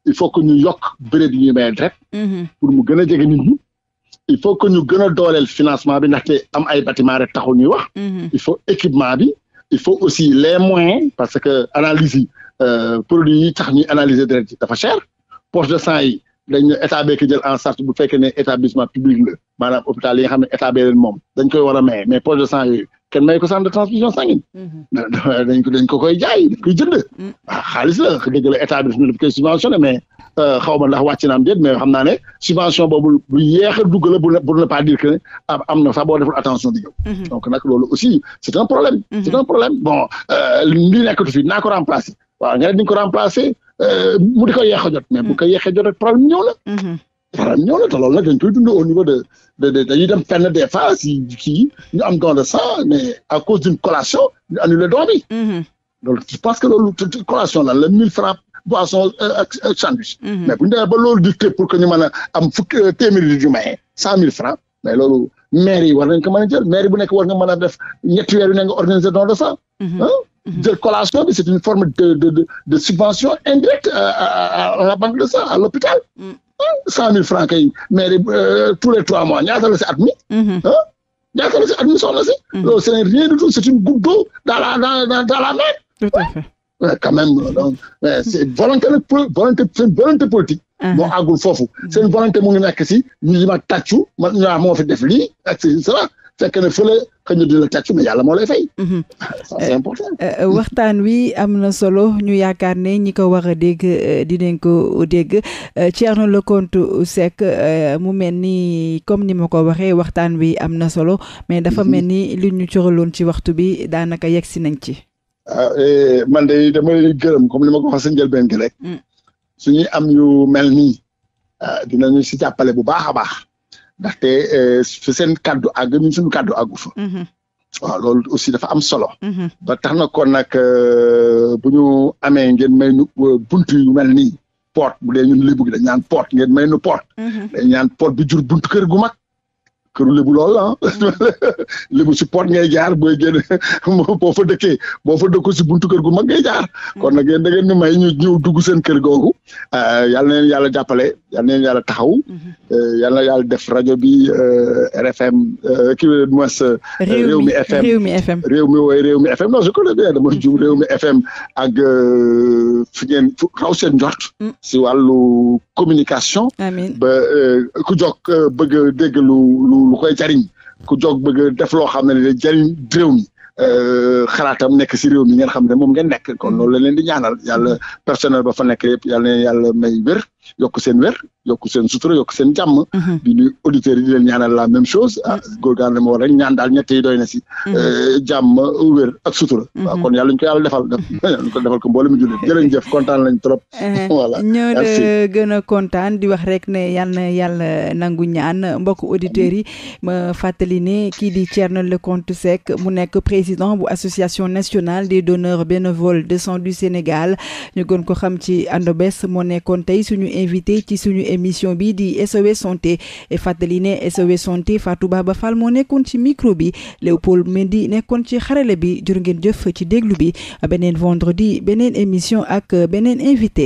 il faut que ñu yokk béréb yi ñuy may deret mhm. pour mu gën a jege nit il faut que ñu gën a dooleel financement bi ndaxte am ay batiment rek taxul ñuy wax. il faut équipement bi. il faut aussi les moyens parce que analyse yi euh, produit yi tax ñuy analyser deret yi dafa cher poche de sang yi dañ ne état en charge bu fekkee ne établissement public la maanaam hôpital yi nga xam ne koy war a mais poche de sang kenn may ko centre de transfusion sanguine. Mhm. dañ ko koy jaay dañ koy mm. a ah, waaw xaalis la dëgg la état mais euh, xaw ma ndax wàcc na am mais xam naa ne subvention boobu bu yéex a dugg la pour ne pas dire que am na sax boo deful attention di ñëw. Mhm. donc nag loolu aussi c' est problème. Mhm. c' est problème bon euh, li nekkatu fi naa euh, jot mais bu ko yéex a jot rek problème ñëw la. faram ñoo la te loolu nag au niveau de de dañuy dem fenn des fois si kii ñu am don de sang mais à cause d'une collation ñu annulé don bi. je mm-hmm. pense que loolu collation la mille francs boisson euh, ak sandwich. Mm-hmm. mais bu ñu ba loolu di pour que ñu mën a am fukki euh, téeméeri ju maye cent mille francs mais loolu maire yi war nañ ko mën a jël bu nekk war nga mën a def ñetti weer organiser don de sang. Mm-hmm. jël collation bi c'est une forme de de subvention indirecte à à à la cent mille francs kay mairie euh, tous les trois mois ñaata la si at mi. ah ñaata la si at mi soxla si. Mhm. loolu ce n'est rien du tout c'est une goutte d'eau dans la dans la dans euh, donc c'est volonté volonté seen mhm. moo àggul foofu. seen volonté mu ngi nekk si ñu ma tàccu ma moo fi def lii ak fekk na fële xëy na di la tàcc mais yàlla moo lay fay. Mhm. Euh, euh, waxtaan wi am na solo ñu yaakaar ne ñi ko war a dégg euh, dinañ ko dégg Thierno Lecompte Seck mu mel ni comme ni ma ko waxee waxtaan wi am na solo mais dafa mhm. mel ni li ñu coraloon ci waxtu bi daanaka yegg si nañ ci. Ah, eh, man de dama leen gërëm comme ni ma ko waxee seen njëlbeen gi rek. Mm. su am yu mel nii. Ah, dinañu si jàppale bu baax a baax. ndaxte euh, fi seen kàddu àgg ñun suñu kàddu àggu fa. Mhm. waaw loolu aussi dafa am solo. Mhm. ba tax na kon nag euh, bu ñu ngeen may nu euh, buntu yu mel nii. porte bu dee ñun lébu gi dañ ñaan porte ngeen may nu porte. Mhm. dañ ñaan porte bi jur buntu kër gu mag. këru lébu lool ah lébu si pot ngay jaar booy génn boo fa dëkkee boo fa dëkku si buntu kër gu mag ngay jaar hmm. kon nag yéen da ngeen ñu may ñu ñëw dugg seen kër googu euh, yal na leen yàlla jàppale yal na leen yàlla taxaw hmm. euh, yal na yàlla def rajo bi euh, RFM kii moins réew mi FM réew mi FM réew mi wooy réew mi FM non je connais bien dama hmm. jum réew mi FM ak fi ngeen raw seen si wàllu communication. amiin ba euh, ku jóg euh, bëgg a dégg lu lu koy jariñ ku jóg bëgg a def loo xam ne da jariñ réew mi. Euh, xalaatam nekk si réew mi ngeen xam ne moom ngeen nekk kon mm-hmm. loolu la leen di ñaanal yàlla personnel ba fa nekk yëpp yàlla yàlla may wér yokk seen wér yokk seen sutura yokk seen jàmm. Mhm. di nuyu auditeurs yi di leen ñaanal la même chose. ah mhm. góor gaa ne ma war rek ñaan daal ñett doy na si. Mhm. Euh, jàmm wér ak sutura. waaw kon yàlla ñu ko yàlla defal ñu ko defal ko mboolem mu jullit jërëjëf kontaan lañ trop. Eh, voilà ñoo a kontaan di wax rek ne yal na yàlla nangu ñaan mbokk auditeurs yi ma fàttali kii di Thierno Lecompte Seck mu nekk président bu association nationale des donneurs bénévoles de sang du Sénégal ñu gën ko xam ci Anobes moo nekkoon émission bii di SOS santé e, fàttali ne SOS santé Fatou Baba Fall moo nekkoon ci micro bi Léopold Mendy nekkoon ci xarale bi jërë ngeen jëf ci déglu bi beneen vendredi beneen émission ak beneen invité